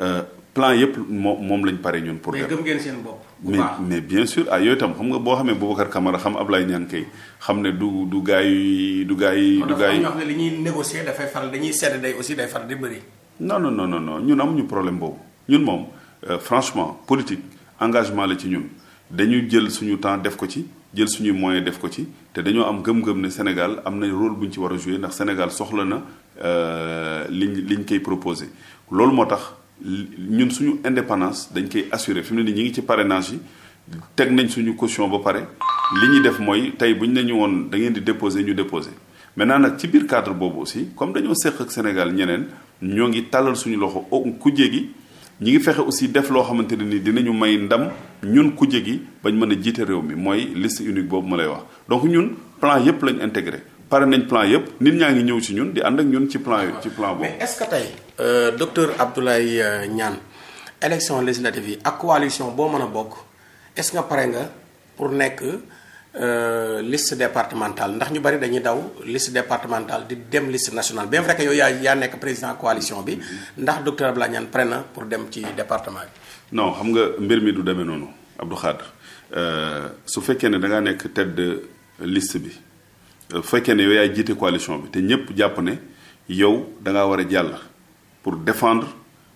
euh, plan yëpp moom moom lañ pare ñun. pour mais ngeen seen bopp. mais mais bien sûr ah yooyu tam xam nga boo xamee Boubacar Camara xam Ablaye Niang kay xam ne du du gars yi du gars yi. du gars yi kon li ñuy négocier dafay faral dañuy sedd aussi day faral di bëri. non non non non ñun amuñu problème boobu. ñun moom euh, franchement politique engagement la ci ñun dañu jël suñu temps def ko ci jël suñuy moyen def ko ci te dañoo am gëm-gëm ne Sénégal am na rôle bu ñu ci war a jouer ndax Sénégal soxla na euh, li liñ koy proposé loolu moo tax ñun suñu indépendance dañ koy assurer fi mu ne ngi ci parrainage yi teg nañ suñu caution ba pare li ñuy def mooy tey bu ñu nañu woon da ngeen di déposer ñu déposé maintenant nag ci biir cadre boobu aussi comme dañoo seq ak Sénégal ñeneen ñoo ngi tàllal suñu loxo ku gi ñi ngi fexe aussi def loo xamante ne ni dinañu may ndam ñun kuje gi bañ mën a jiite réew mi mooy liste unique boobu ma lay wax donc ñun plan yëpp lañ intégré pare nañ plan yëpp nit ñaa ngi ñëw ci ñun di ànd ak ñun ci plan ci plan boobu. mais est-ce que tey euh, docteur Abdoulaye ñaan euh, élection législative yi ak coalition boo mën a bokk est-ce pare nga pour nekk. Euh, liste départementale ndax ñu bari dañuy daw liste départementale di dem liste national bien vrai que yow yaa yaa nekk président coalition bi ndax docteur Abdoulaye Niane pare pour dem ci département bi. non xam nga mbir mi du demee noonu Abdou Khadre euh, su fekkee ne da ngaa nekk tête de liste bi euh, fekkee ne yow yaa jiite coalition bi te ñëpp jàpp ne yow da war a jàll pour défendre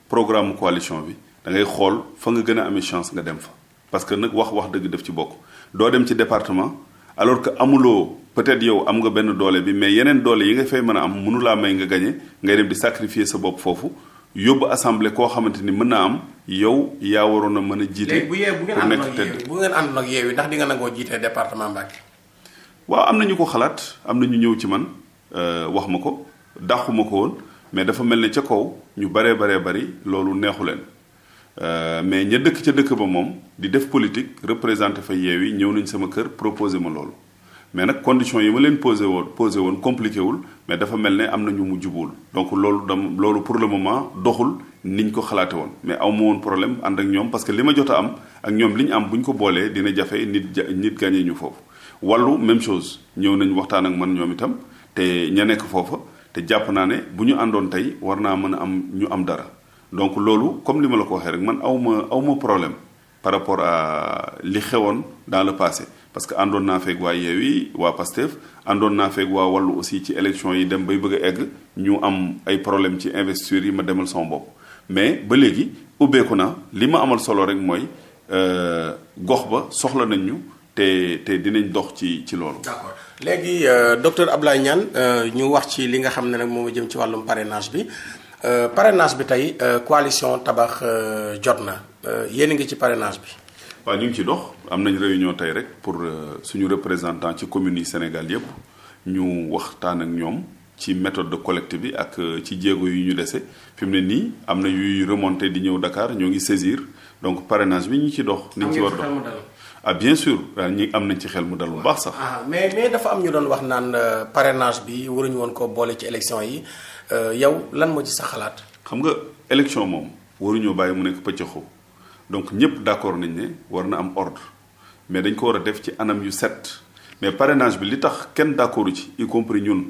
programme coalition bi da ngay xool fa nga gën a amee chance nga dem fa parce que nag wax wax dëgg def ci bokk. doo dem ci département alors que amuloo peut-être yow am nga benn doole bi mais yeneen doole yi nga fay mën a am mënulaa may nga gañe ngay dem di sacrifier sa bopp foofu yóbbu assemblée koo xamante ni mën naa am yow yaa waroon a mën a jiite. bu nekk tedd bu ngeen ndax di nga nangoo jiite département Mbacké. waaw am na ñu ko xalaat am na ñu ñëw ci man euh, wax ma ko dàqu ko woon mais dafa mel ne ca kaw ñu baree baree bari loolu neexu leen euh, mais ña dëkk ca dëkk ba moom. di def politique représenté fa yeew yi ñëw nañ sama kër proposé ma loolu mais nag condition yi ma leen posé woon posé woon compliqué wul mais dafa mel ne am na ñu mu jubul donc loolu dam loolu pour le moment doxul niñ ko xalaate woon mais aw ma woon problème ànd ñoom parce que li jot a am ak ñoom li am bu ko boolee dina jafe nit nit gàñee ñu foofu wallu même chose ñëw nañu waxtaan ak man ñoom itam te ña nekk foofa te jàpp naa ne bu ñu àndoon tey war naa mën a am ñu am dara donc loolu comme li ma la ko waxee rek man aw ma aw ma problème par rapport à li xewoon dans le passé parce que àndoon naa feeg waa Yewwi waa Pastef àndoon naa feeg waa Wallu aussi ci élection yi dem bay bëgg egg ñu am ay problème ci investiture yi ma demal sama bopp mais ba léegi ubbeeku na li ma amal solo rek mooy euh, gox ba soxla nañ ñu te te dinañ dox ci ci loolu. d'accord léegi euh, docteur Abdoulaye Niane euh, ñu wax ci li nga xam ne nag moom jëm ci wàllum parrainage bi parrainage bi tey coalition tabax jot na. Euh, yéen a ngi ci parrainage bi. waaw ñu ngi ci dox am nañ réunion tey rek pour euh, suñu représentant ci communes yi Sénégal yépp ñu waxtaan ak ñoom ci méthode de collecte bi ak euh, ci jéego yu ñu dese fi mu ne nii am na ñuy remonté di ñëw dakaar ñoo ngi saisir donc parenage bi ñu ci dox. nañ ci war dox ah bien sûr ah, ñi am nañ ci xel mu dal bu baax sax. Ah, mais mais dafa am ñu doon wax naan parenage bi waruñu woon ko boole ci élection yi yow lan moo ci sa xalaat. xam nga élection moom waruñoo bàyyi mu nekk pëccëxoo donc ñëpp d'accord nañ ne war na am ordre mais dañ ko war a def ci anam yu set mais parrainage bi li tax kenn d'accord ci y compris ñun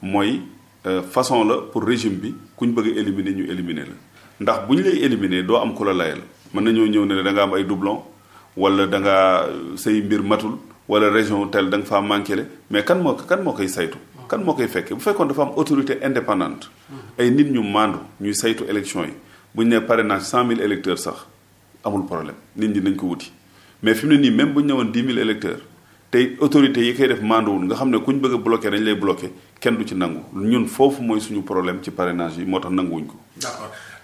mooy euh, façon la pour régime bi ku ñu bëgg a éliminer ñu éliminer la ndax bu ñu lay éliminer doo am ku la layal mën nañoo ñëw ne da nga am ay doublon wala da nga euh, say mbir matul wala région tel danga fa faa manqué mais kan moo kan moo koy saytu. kan moo koy fekkee bu fekkoon dafa am autorité indépendante. ay nit ñu maandu ñuy saytu élection yi bu ñu nee parrainage cent mille électeurs sax. amul problème nit ñi nañ ko wuti mais fi mu ne nii même bu ñu ñëwoon dix mille électeurs tey autorités yi koy def manduwul nga xam ne ku ñu bëgg a bloqué dañ lay bloqué kenn du ci nangu ñun foofu mooy suñu problème ci parrainage yi moo tax nanguwuñ ko.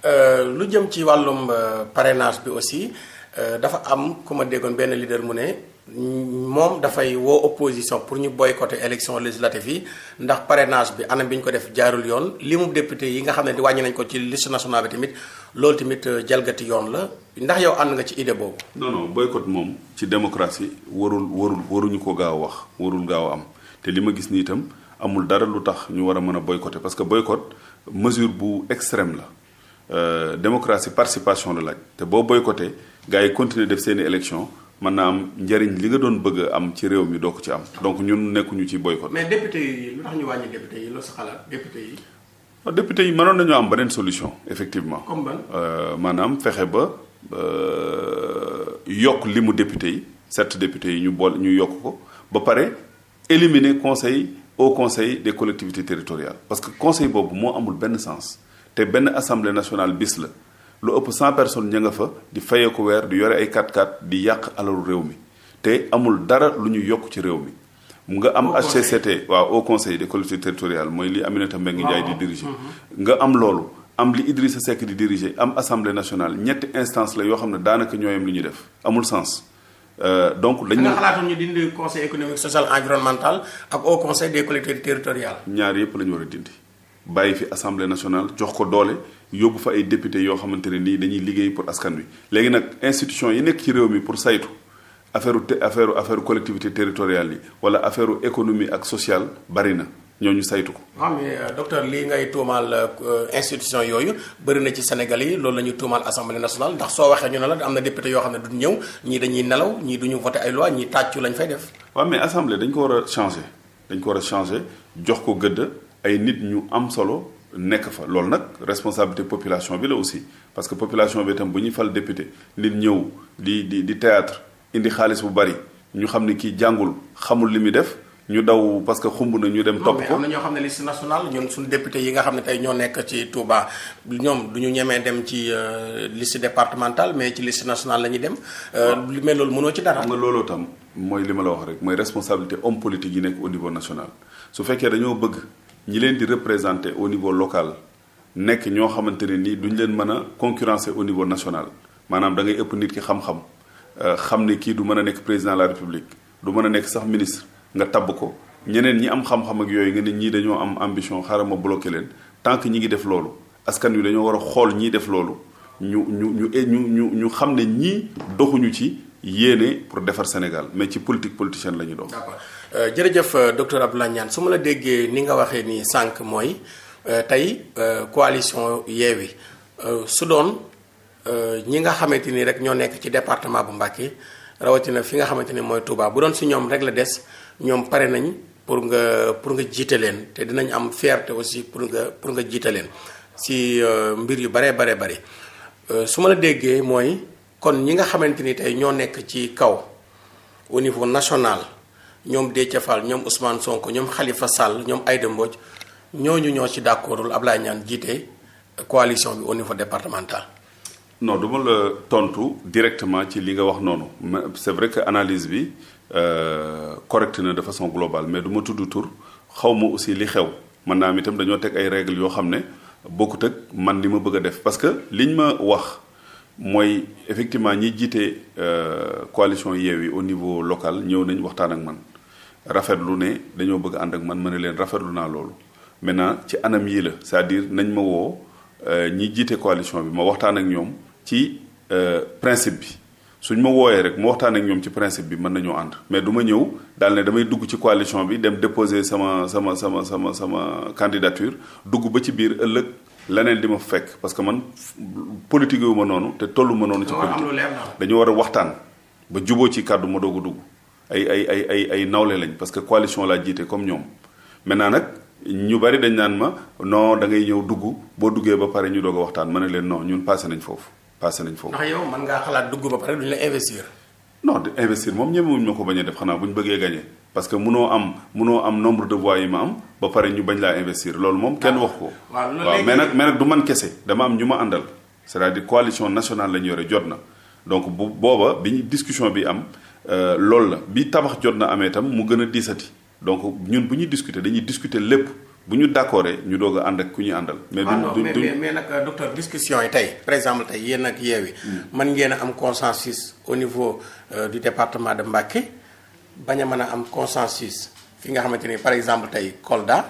Euh, lu jëm ci wàllum euh, parrainage bi aussi euh, dafa am ku ma déggoon benn leader mu ne. moom dafay woo opposition pour ñu boycotter élection législative yi ndax parrainage bi anam bi ñu ko def jaarul yoon li mu député yi nga xam ne wàññi nañ ko ci liste nationale bi tamit loolu tamit euh, jalgati yoon la ndax yow ànd nga ci idée boobu. noonu non moom ci démocratie warul warul waruñu ko gaaw wax warul gaaw am te li ma gis nii itam amul dara lu tax ñu war a mën a boycotter parce que boycott mesure bu extrême la. Euh, démocratie participation la laaj te boo boycotté gars yi continuer def seeni élection mën naa am njëriñ li nga doon bëgg am ci réew mi doo ci am donc ñun nekkuñu ci boycott. mais député yi ñu wàññi député yi loo sa xalaat député yi. Ah, manoon nañoo am beneen solution effectivement. comme ban euh, maanaam fexe ba euh, yokk li mu député yi sert député yi ñu bool ñu yokk ko ba pare éliminer conseil au conseil de collectivités territoriales parce que conseil boobu moo amul benn sens te benn assemblée nationale bis la. lu ëpp cent personnes ña nga fa di fayee ko weer di yore ay 4 x di yàq alalu réew mi te amul dara lu ñu yokk ci réew mi. nga am HCCT waaw au conseil des collectivités territoriales mooy li Aminata ngi Ndiaye di diriger. Mm-hmm. nga am loolu am li Idrissa Seck di diriger am assemblée nationale ñetti instance la yoo xam ne daanaka ñooyam li ñu def amul sens. Euh, donc dañ nga xalaatoon ñu dindi conseil économique social environnemental ak au conseil des collectivités territoriales. ñaar yëpp la ñu a dindi bàyyi fi assemblée nationale jox ko doole. yóbbu fa ay député yoo xamante ne nii dañuy liggéey pour askan bi léegi nag institution yi nekk ci réew mi pour saytu affaire te affaire affaire collectivité territoriale yi wala affaire économie ak sociale bari na ñu saytu ko. waaw mais euh, docteur lii ngay tuumaal euh, institution yooyu bëri na ci Sénégal yi loolu la ñuy tuumaal assemblée nationale ndax soo waxee ñu ne la am na député yoo xam ne du ñëw ñii dañuy nelaw ñii du ñu voté ay loi ñii tàccu lañ fay def. waaw mais assemblée dañ ko war a changer dañ ko war a changer jox ko gëdd ay nit ñu am solo. nekk fa loolu nag responsabilité population bi la aussi parce que population bi itam bu ñuy fal député nit ñëw di di di théâtre indi xaalis bu bari ñu xam ne kii jàngul xamul li muy def ñu daw parce que xumb na ñu dem. topp ko am na ñoo xam ne liste national ñun suñu député yi nga xam ne tey ñoo nekk ci Touba ñoom du ñu ñemee dem ci euh, liste départementale mais ci liste national la ñuy dem. Euh, li mel loolu mënoo ci dara. xam nga looloo tam mooy li ma la wax rek mooy responsabilité homme politique yi nekk au national su fekkee dañoo bëgg. ñi leen di représenté au niveau local nekk ñoo xamante ne nii duñ leen mën a concurrencer au niveau national maanaam da ngay ëpp nit ki xam-xam euh, xam ne kii du mën a nekk président la république du mën a nekk sax ministre nga tabb ko ñeneen ñi am xam-xam ak yooyu nga ne ñi dañoo am ambition xaaral ma bloqué leen tant que ñi ngi def loolu askan wi dañoo war a xool ñii def loolu ñu ñu ñu eh, ñu ñu ñu xam ne ñii doxuñu ci yéene pour defar Sénégal mais ci politique politicienne la ñu dox. Euh, jërëjëf euh, docteur Abdoulaye Niane su ma la déggee ni nga waxee ni sànq mooy euh, tey coalition Yewwi su doon ñi nga xamante ni rek ñoo nekk ci département bu Mbacké rawatina fi nga xamante ni mooy Touba bu doon si ñoom rek la des ñoom pare nañ pour nga pour nga jiite leen te dinañ am fierté aussi pour nga pour nga jiite leen si mbir yu baree bare bare su ma la déggee mooy kon ñi nga xamante ni tey ñoo nekk ci kaw au niveau national. ñoom Déthié Fall ñoom Ousmane Sonko ñoom xalifa Sall ñoom Aïda ñoo ñu ñoo ci d'accordul Ablaye Niane jiite coalition bi au niveau départemental. non du ma la tontu directement ci li nga wax noonu ma c'est vrai que analyse bi euh, correcte na de façon globale mais du ma tudd tur xaw ma aussi li xew mën naa am itam dañoo teg ay règles yoo xam ne bokkut ak man li ma bëgg a def parce que liñ ma wax. mooy effectivement ñi jiite euh, coalition yi au niveau local ñëw nañ waxtaan ak man rafetlu ne dañoo bëgg ànd ak man ma ne leen rafetlu naa loolu maintenant ci anam yii la c'est-à-dire nañ ma woo euh, ñi jiite coalition bi ma waxtaan ak ñoom ci euh, principe bi suñ ma wooyee rek ma waxtaan ak ñoom ci principe bi mën nañoo ànd mais duma ñëw daal ne damay dugg ci coalition bi dem déposer sama sama sama sama sama candidature dugg ba ci biir ëllëg leneen di ma fekk parce que man politique wu ma noonu te tollu ma noonu. ci politique dañu war a waxtaan ba juboo ci kàddu ma doog dugg ay ay ay ay ay nawle lañ parce que coalition laa jiite comme ñoom maintenant nag. ñu bari dañ naan ma non da ngay ñëw dugg boo duggee ba pare ñu doog a waxtaan ma ne leen non ñun passé nañ foofu passé nañ foofu. ndax yow mën ngaa xalaat dugg ba pare duñ la investir. non de investir moom ñemewuñ ma ko bañ a def xanaa bu ñu bëggee gagné parce que munoo am munoo am nombre de voix yi ma am ba pare ñu bañ laa investir loolu moom kenn wax ko. Ah, waaw mais nag mais nag du man kese dama am ñu ma àndal. c'est-à-dire coalition nationale la ñu yore jot na donc bu booba bi discussion bi am euh, loolu la bi tabax jot na amee itam mu gën a diisati donc ñun bu ñuy discuter dañuy discuter lépp. bu ñu d'accord ñu doog a ànd ak ku ñu àndal. mais du ah du mais mais nag euh, docteur discussion yi tey par exemple tey yéen ak Yewwi. Hmm. mën ngeen a am consensus au niveau euh, du département de Mbacké. bañ a mën a am consensus fi nga xamante ni par exemple tey Kolda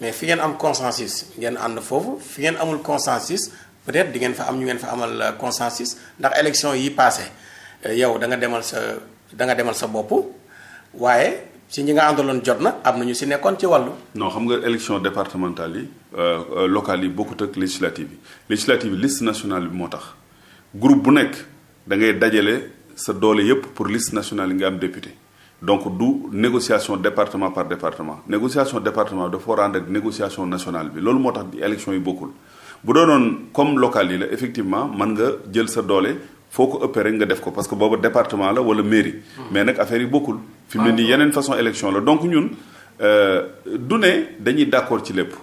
mais fi ngeen am consensus ngeen ànd foofu fi ngeen amul consensus peut-être di ngeen fa am ñu ngeen fa amal euh, consensus ndax élection yi passé euh, yow da nga demal sa da demal sa bopp waaye ci ñi nga àndaloon jot na am na ñu si nekkoon ci wàllu. no xam nga élection départementale yi euh, locale yi bokkut ak législative yi législative yi liste national bi moo tax groupe bu nekk da ngay dajale sa doole yépp pour liste nationale yi nga am député. donc du négociation département par département négociation département dafa war a ànd ak négociation nationale bi loolu moo tax élection yi bokkul bu doonoon comme local yi la effectivement mën nga jël sa doole foo ko ëppee rek nga def ko parce que booba département la wala mairie. Hmm. mais nag affaire yi bokkul. fi mu ne nii ah, yeneen façon élection la donc ñun euh, du ne dañuy d'accord ci lépp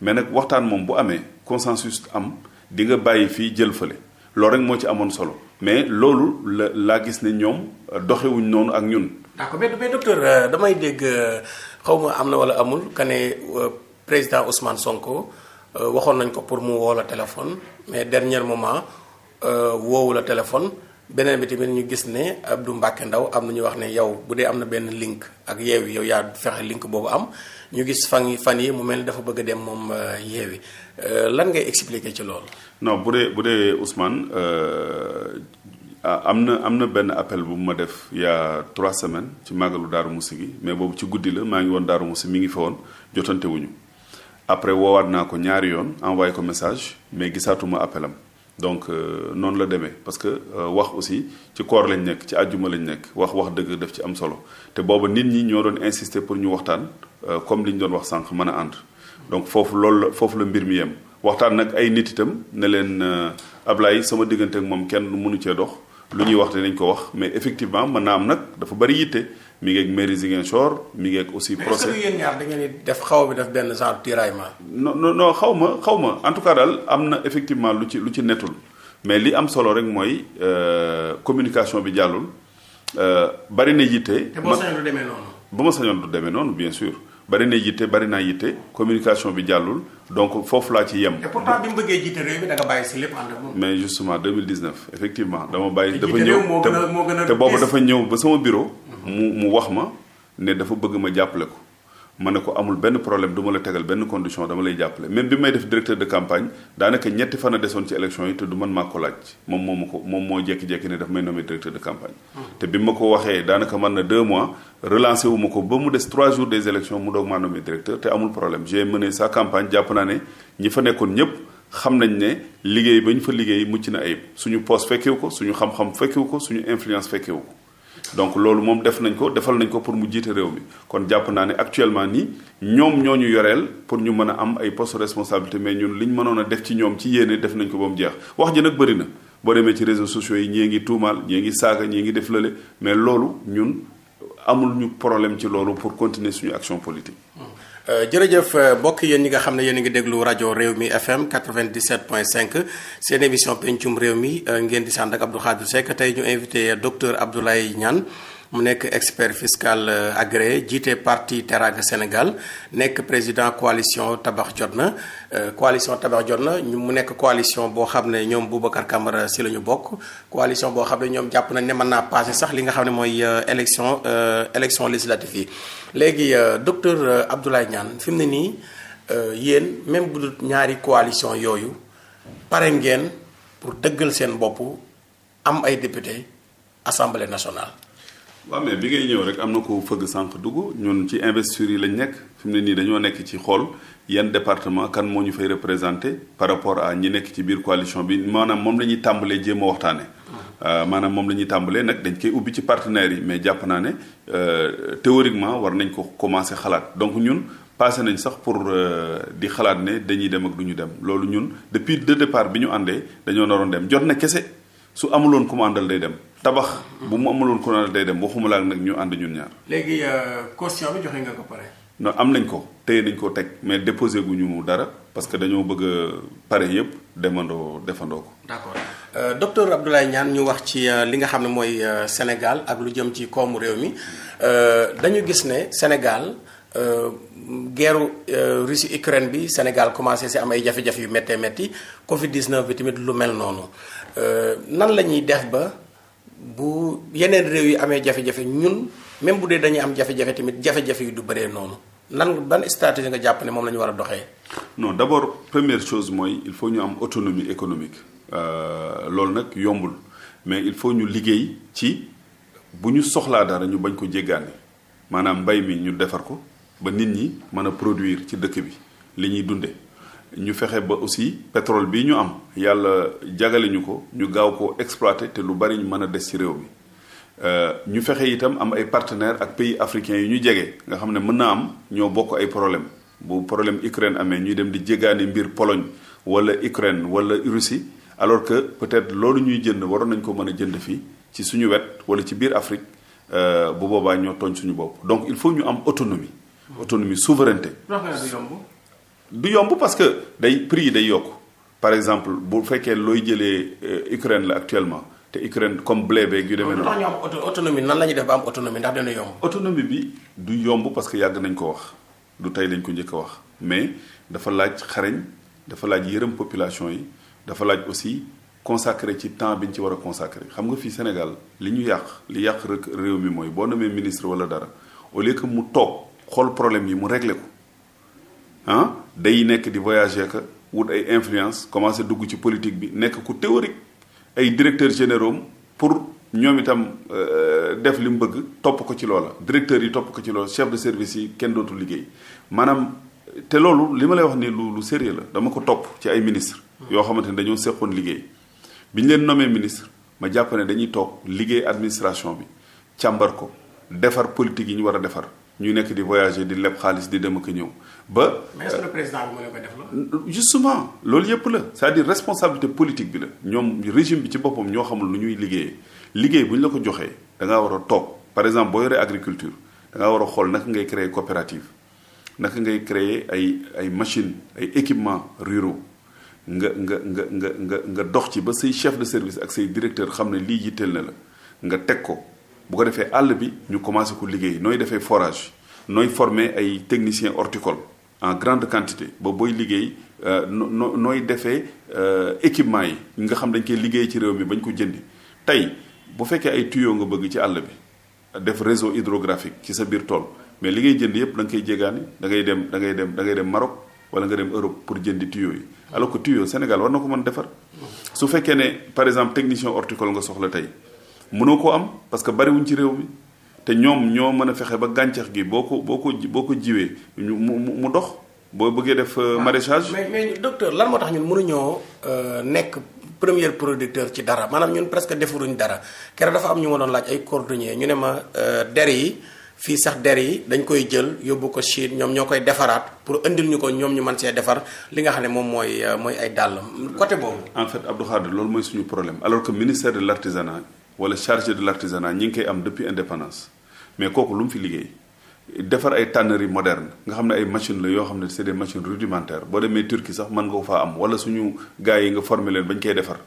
mais nag waxtaan moom bu amee consensus am di nga bàyyi fii jël fële loolu rek moo ci amoon solo mais loolu la laa gis ne ñoom euh, doxewuñ noonu ak ñun. d'accord ah, mais mais docteur euh, damay dégg euh, xaw ma am na wala amul ka ne euh, président Ousmane Sonko waxoon nañ ko pour mu woo la téléphone mais dernier moment woowu la téléphone beneen bi tamit ñu gis ne du Mbacke Ndaw am na ñu wax ne yow bu dee am na benn link ak Yewwi yow yaa fexe link boobu am ñu gis fan yi fan yi mu mel ni dafa bëgg a dem moom Yewwi lan ngay expliquer ci loolu. non bu dee bu dee Ousmane. ah am na am na benn appel bu ma def il trois semaine ci màggalu Daaru Musi mais boobu ci guddi la maa ngi woon Daaru Musi mi ngi fa woon jotante wuñu après woowaat naa ko ñaari yoon envoyé ko message mais gisaatuma appel am donc euh, noonu la demee parce que euh, wax aussi ci koor lañ nekk ci àjjuma lañ nekk wax wax dëgg def ci am solo te booba nit ñi ñoo doon insister pour ñu waxtaan euh, comme li ñu doon wax sànq mën a ànd donc foofu loolu la foofu la mbir mi yem waxtaan nag ay nit itam ne leen Ablaye sama diggante moom kenn mënu cee dox lu ñuy wax dinañ ko wax mais effectivement mën naa nag dafa bari yitte mi ngi ak mairie Ziguinchor mi ngi aussi. procès mais yéen ñaar def xaw bi def benn genre tiraillement. non non non xaw ma xaw ma en tout cas daal am na effectivement lu ci lu ci nettul mais li am solo rek mooy euh, communication bi jàllul euh, bari na yitte. te boo sañoon demee noonu. ba ma sañoon du demee noonu bien sûr. bari na yitte bari naa yitte communication bi jàllul donc foofu laa ci yem. te pourtant bi mu bëggee jiite réew mi da nga bàyyi si lépp ànd ak moom. mais justement 2019 effectivement dama bàyyi. dafa ñëw te boobu dafa ñëw ba sama biro mhm. mu mu wax ma ne dafa bëgg ma jàppale ko. ma ne ko amul benn problème du la tegal benn condition dama lay jàppale même bi may def directeur de campagne daanaka ñetti fan a desoon ci élection yi te du man maa ko laaj moom moo ma ko moom moo jékki-jékki ne daf may nommé directeur de campagne. Hmm. te bi ma ko waxee daanaka man na deux mois relancé wu ma ko ba mu des trois jours des élections mu doog maa nommé directeur te amul problème j'ai mené sa campagne jàpp naa ne ñi fa nekkoon ñëpp. xam nañ ne liggéey ba ñu fa liggéey mucc na ayib suñu poste fekkewu ko suñu xam-xam ko suñu influence fekkewu ko donc loolu moom def nañ ko defal nañ ko pour mu jiite réew mi kon jàpp naa ne actuellement ni ñoom ñoo ñu yoreel pour ñu mën a am ay poste responsabilité mais ñun li ñu mënoon a def ci ñoom ci yéene def nañ ko ba mu jeex wax ji nag bëri na boo demee ci réseaux sociaux yi ñii ngi tuumaal ñii ngi saaka ñii ngi def lële mais loolu ñun amul ñu problème ci loolu pour continuer suñu action politique. Euh, jërëjëf euh, mbokk yéen ñi nga xam ne yéen a ngi déglu rajo réew mi FM 97.5 seen émission pencum réew mi euh, ngeen di sànd ak Abdou Khadre Seck tey ñu invité docteur Abdoulaye Niane. mu nekk expert fiscal euh, agréé jiite parti Teranga Sénégal nekk président coalition tabax jot na euh, coalition tabax jot na mu nekk coalition boo xam ne ñoom Boubacar Camara si la ñu bokk coalition boo xam ne ñoom jàpp nañ ne man naa passé sax li nga xam ne mooy euh, élection élection législative yi léegi docteur Abdoulaye Niane fi mu ne nii yéen même bu dul ñaari coalition yooyu pare ngeen pour dëggal seen bopp am ay député assemblée nationale waaw mais bi ngay ñëw rek am na ko fëgg sànq dugg ñun ci investiture yi lañ nekk fi mu ne nii dañoo nekk ci xool yan département kan moo ñu fay représenté par rapport à ñi nekk ci biir coalition bi maanaam moom lañuy tàmbalee jéema a waxtaane euh, maanaam moom la ñuy tàmbalee nag dañ koy ubbi ci partenaires yi mais jàpp naa ne euh, théoriquement war nañ ko commencé xalaat donc ñun passé nañ sax pour euh, di xalaat ne dañuy dem ak du ñu dem loolu ñun depuis de départ bi ñu àndee dañoo naroon dem jot na kese su amuloon ku mu day dem tabax bu mu amaloon ko na day dem waxuma laal nag ñu ànd ñun ñaar. léegi euh, costion bi joxe nga ko pare. non am nañ ko téye nañ ko teg mais déposé gu ñu dara parce que dañoo bëgg a pare yëpp demandoo defandoo ko. d'accord euh, docteur Abdoulaye Niane ñu wax ci euh, li nga xam ne mooy euh, Sénégal ak lu jëm ci koomu réew mi dañu gis ne Sénégal. guerru Russie Ukraine bi Sénégal commencé si am ay jafe-jafe yu méttee métti Covid 19 bi tamit lu mel noonu nan la ñuy def ba bu yeneen réew yi amee jafe-jafe ñun même bu dee dañuy am jafe-jafe tamit jafe-jafe yi du bëree noonu nan ban stratégie nga jàpp ne moom la ñu war a doxee. non d'abord première chose mooy il faut ñu am autonomie économique euh, loolu nag yombul mais il faut ñu liggéey ci bu ñu soxlaa dara ñu bañ ko jéggaani maanaam mbay mi ñu defar ko ba nit ñi mën a produire ci dëkk bi li ñuy dunde ñu fexe ba aussi pétrole bi ñu am yàlla jagale ñu ko ñu gaaw ko exploité te lu bari ñu mën a des ci réew mi euh, ñu fexe itam am ay partenaires ak pays africains yu ñu jege nga xam ne mën naa am ñoo bokk ay problème bu problème Ukraine amee ñuy dem di jéggaani mbir Pologne wala Ukraine wala Russie alors que peut-être loolu ñuy jënd waroon nañ ko mën a jënd fii ci suñu wet wala ci biir Afrique euh, bu boobaa ñoo tooñ suñu bopp donc il faut ñu am autonomie autonomie souveraineté du yomb parce que day prix yi day yokk par exemple bu fekkee looy jëlee euh, Ukraine la actuellement te Ukraine comme blé beeg am autonomie nan la ñuy def ba am autonomie ndax dana yomb. autonomie bi du yomb parce que yàgg nañ ko wax du tey lañ ko njëkk a wax mais dafa laaj xarañ dafa laaj yërëm population yi dafa laaj aussi consacré ci temps bi ñu ci war a consacré xam nga fii Sénégal li ñu yàq li yàq rek réew mi mooy boo namee ministre wala dara au lieu que mu toog xool problème yi mu réglé ko ah. day nekk di voyager ka wut ay influence commencé dugg ci politique bi nekk ku théorique ay directeur généraux pour ñoom itam euh, def li mu bëgg topp ko ci loola directeurs yi topp ko ci loola chef de service yi kenn dootul liggéey maanaam te loolu li ma lay wax ni lu lu sérieux la dama ko topp ci ay ministre yoo xamante ne dañoo seqoon liggéey bi ñu leen nommé ministre ma jàpp ne dañuy toog liggéey administration bi càmbar ko defar politique yi ñu war a defar ñu nekk di voyager di leb xaalis di dem ak ñëw ba. mais euh, justement loolu yëpp la cest di dire responsabilité politique bi la ñoom régime bi ci boppam ñoo xamul lu ñuy liggéeyee liggéey bu ñu la ko joxee da war a toog par exemple boo yoree agriculture da war a xool naka ngay créer coopérative naka ngay créer ay ay machines ay équipements ruraux. nga nga nga nga nga nga dox ci ba say chef de service ak say directeur xam ne lii yitteel na la nga teg ko bu ko defee àll bi ñu commencé ko liggéey nooy defee forage nooy former ay technicien orticole en grande quantité ba booy liggéey euh, no nooy defee euh, équipement yi nga xam dañ koy liggéey ci réew mi bañ ko jëndi tey bu fekkee ay tuyo nga bëgg ci àll bi def réseau hydrographique ci sa biir tool mais li ngay jënd yépp da koy jégaani da ngay dem dangay dem da ngay dem Maroc wala nga dem Europe pour jëndi tuyo yi alors que tuyau Sénégal war na ko mën defar su fekkee ne par exemple technicien horticole nga soxla tey mënoo ko am parce que bariwuñ ci réew mi te ñoom ñoo mën a fexe ba gàncax gi boo ko boo ko boo ko jiwee mu mu dox boo bëggee def euh, ah, maraîchage. mais mais docteur lan moo tax ñun mënuñoo euh, nekk premier producteur ci dara maanaam ñun presque defuruñ dara keroog dafa am ñu ma doon laaj ay cordonnier ñu ne ma euh, der yi fii sax der yi dañ koy jël yóbbu ko Chine ñoom ñoo koy defaraat pour indil ñu ko ñoom ñu mën see defar li nga xam ne moom mooy mooy ay dàll. côté boobu. en fait Abdou Khadre mooy suñu problème alors que ministère de l'artisanat wala chargé de l'artisanat ñi ngi koy am depuis indépendance mais kooku lu mu fi liggéey defar ay tannerie moderne nga xam ne ay machine la yoo xam ne c'est des machines rudimentaires boo demee Turquie sax mën nga ko faa am wala suñu gars yi nga formé leen bañ koy defar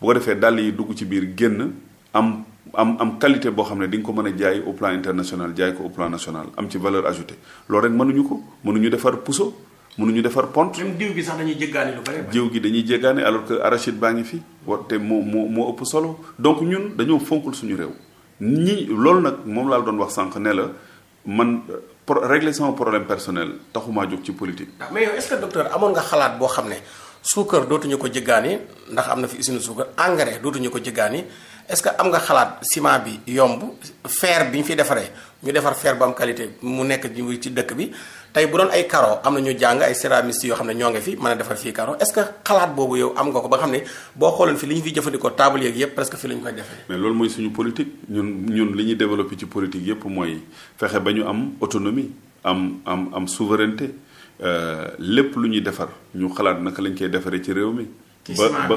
bu ko defee dàll yi dugg ci biir génn am am am qualité boo xam ne di nga ko mën a jaay au plan international jaay ko au plan national am ci valeur ajoutée loolu rek mënuñu ko mënuñu defar puso mënuñu defar pont. même jiw gi sax dañuy jéggaane lu bëri. jiw gi dañuy jéggaane alors que arachide baa ngi fi te moo moo moo ëpp solo donc ñun dañoo fonkul suñu réew. ñi loolu nag moom laa doon wax sànq ne la man euh, pro régler sama problème personnel taxumaa jóg ci politique. mais yow est-ce amoon nga xalaat boo xam ne suukar dootuñu ko jéggaani ndax am na fi usine suukar engrais dootuñu ko jéggaani est-ce que am nga xalaat ciment bi yomb feer bi ñu fi defaree ñu defar fer bu qualité mu nekk ci dëkk bi. tey bu doon ay caro am na ñu jàng ay céramiste yoo xam ne ñoo ngi fi mën a defar fii caro est-ce que xalaat boobu yow am nga ko ba nga xam ne boo xooloon fi li ñu fi jëfandikoo table yeeg yëpp presque fi la ñu koy defee. mais loolu mooy suñu politique ñun ñun li ñuy développé ci politique yëpp mooy fexe ba ñu am autonomie am am am souveraineté euh, lépp lu ñuy defar ñu xalaat naka lañ koy defaree ci réew mi. ba ba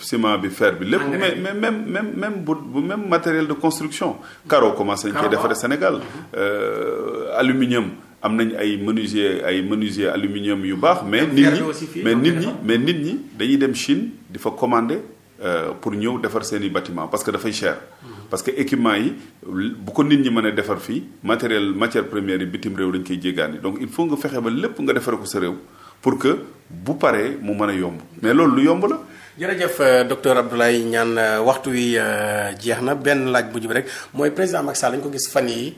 ciment bi fer bi lépp mais mais même même même bu bu même matériel de construction. caro commencé nañ koy defaree Sénégal euh, aluminium. am nañ ay menuisier ay menuisier aluminium yu baax mais nit ñi mais nit ñi mais nit ñi dañuy dem Chine di fa commander euh, pour ñëw defar seen i bâtiment parce que dafay chair mm-hmm. parce que équipement yi bu ko nit ñi mën a defar fii matériel matière première yi bitim réew dañ koy jéggaani donc il faut nga fexe ba lépp nga defare ko sa réew pour que bu paree mu mën a yomb mais loolu lu yomb la jërëjëf euh, docteur Abdoulaye Niane euh, waxtu wi jeex na benn laaj bu jub rek mooy président Macky Sall lañ ko gis fan yi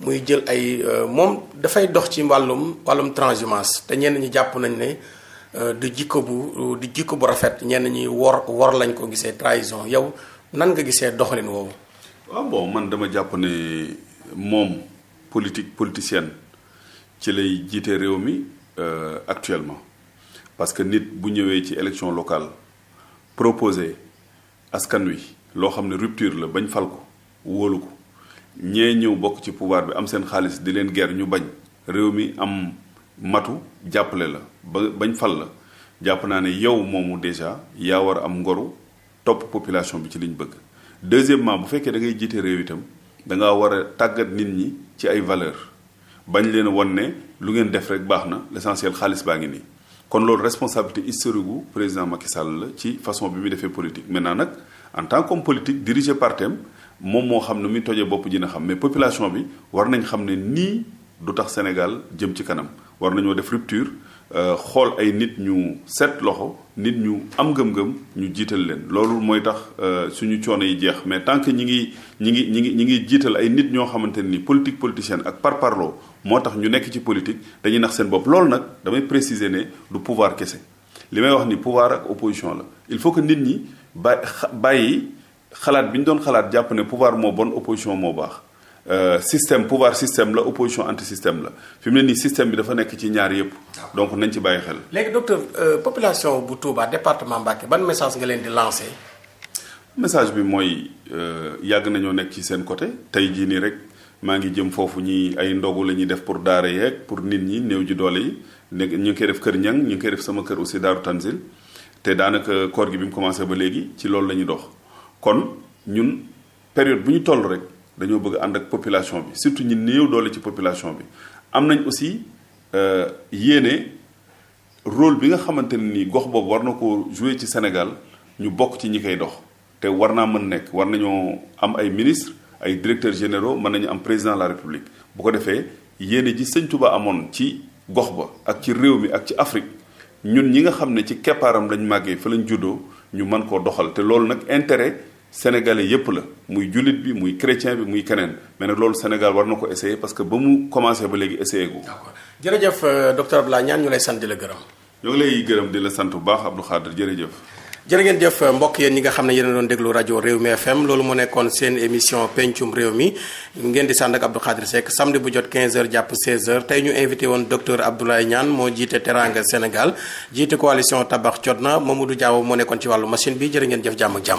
muy jël ay euh, moom dafay dox ci wàllum wàllum transhumance te ñenn ñi jàpp nañ ne euh, du jikko bu du jikko bu rafet ñenn ñi wor wor lañ ko gisee trahison yow nan nga gisee doxalin woowu. waaw ah bon man dama jàpp ne moom politique politicienne ci lay jiite réew mi euh, actuellement parce que nit bu ñëwee ci élection locale proposé askan wi loo xam ne rupture la bañ fal ko wóolu ko. ñee ñëw bokk ci pouvoir bi am seen xaalis di leen ger ñu bañ réew mi am matu jàppale la ba bañ fal la jàpp naa ne yow moomu déjà yaa war a am ngoru topp population bi ci li bëgg deuxièmement bu fekkee da ngay jiite réew itam da ngaa war a tàggat nit ñi ci ay valeur bañ leen won ne lu ngeen def rek baax na l'essentiel xaalis baa ngi nii kon loolu responsabilité historique président Macky Sall la ci façon bi muy defee politique maintenant nag en tant qu'homme dirigé par moom moo xam ne muy tojee bopp dina xam mais population bi war nañ xam ne nii du tax Sénégal jëm ci kanam war nañoo def rupture euh, xool ay nit ñu set loxo nit ñu am ngëm-ngëm ñu jiital leen loolu mooy tax euh, suñu coono yi jeex mais tant que ñi ngi ñi ngi ñi ngi ñi ngi jiital ay nit ñoo xamante ni politique politicienne ak parparloo moo tax ñu nekk ci politique dañuy nax seen bopp loolu nag damay préciser ne du pouvoir kese li may wax ni pouvoir ak opposition la il faut que nit ñi bàyyi xalaat bi ñu doon xalaat jàpp ne pouvoir moo bon opposition moo baax euh, système pouvoir système la opposition anti système la fi mu ne nii système bi dafa nekk ci ñaar yëpp. donc nañ ci bàyyi xel. léegi docteur euh, population bu Touba département Mbacké ban message nga leen di lancer. message bi mooy euh, yàgg nañoo nekk ci seen côté tey jii nii rek maa ngi jëm foofu ñi ay ndogu la ñuy def pour daara yeeg pour nit ñi néew ji doole yi ñu ngi kër ñan ñu ngi sama kër aussi Daaru Tanzil te daanaka koor gi bi mu commencé ba léegi ci loolu la ñuy dox. kon ñun période bu ñu toll rek dañoo bëgg ànd ak population bi surtout ñu néew doole ci population bi am nañ aussi euh, yéene rôle bi nga xamante ni nii gox boobu war na ko jouer ci Sénégal ñu bokk ci ñi koy dox te war naa mën nekk war nañoo am ay ministre ay directeurs généraux mën nañu am président la république bu ko defee yéene ji sëñ Touba amoon ci gox ba ak ci réew mi ak ci Afrique ñun ñi nga xam ne ci keppaaram lañ màggee fa lañ juddoo ñu mën koo doxal te loolu nag intérêt sénégalais yépp la muy jullit bi muy chrétien bi muy keneen mais nag loolu Sénégal war na ko essayer parce que ba mu commencé ba léegi essayer ko. d'accord jërëjëf euh, docteur Abdoulaye Niane ñu lay sant di la gërëm. ñoo ngi lay gërëm di la sant bu baax Abdou Khadir jërëjëf. jërë ngeen jëf euh, mbokk yéen ñi nga xam ne yéen doon déglu rajo réew mi FM loolu mu nekkoon seen émission pencum réew mi ngeen di sànd ak Abdou Khadre Seck samedi bu jot 15h jàpp 16 tey ñu invité woon docteur Abdoulaye Niane moo jiite Teranga Sénégal jiite coalition tabax jot na Mamadou Diaw moo nekkoon ci wàllu machine bi jërë ngeen jëf jàmm ak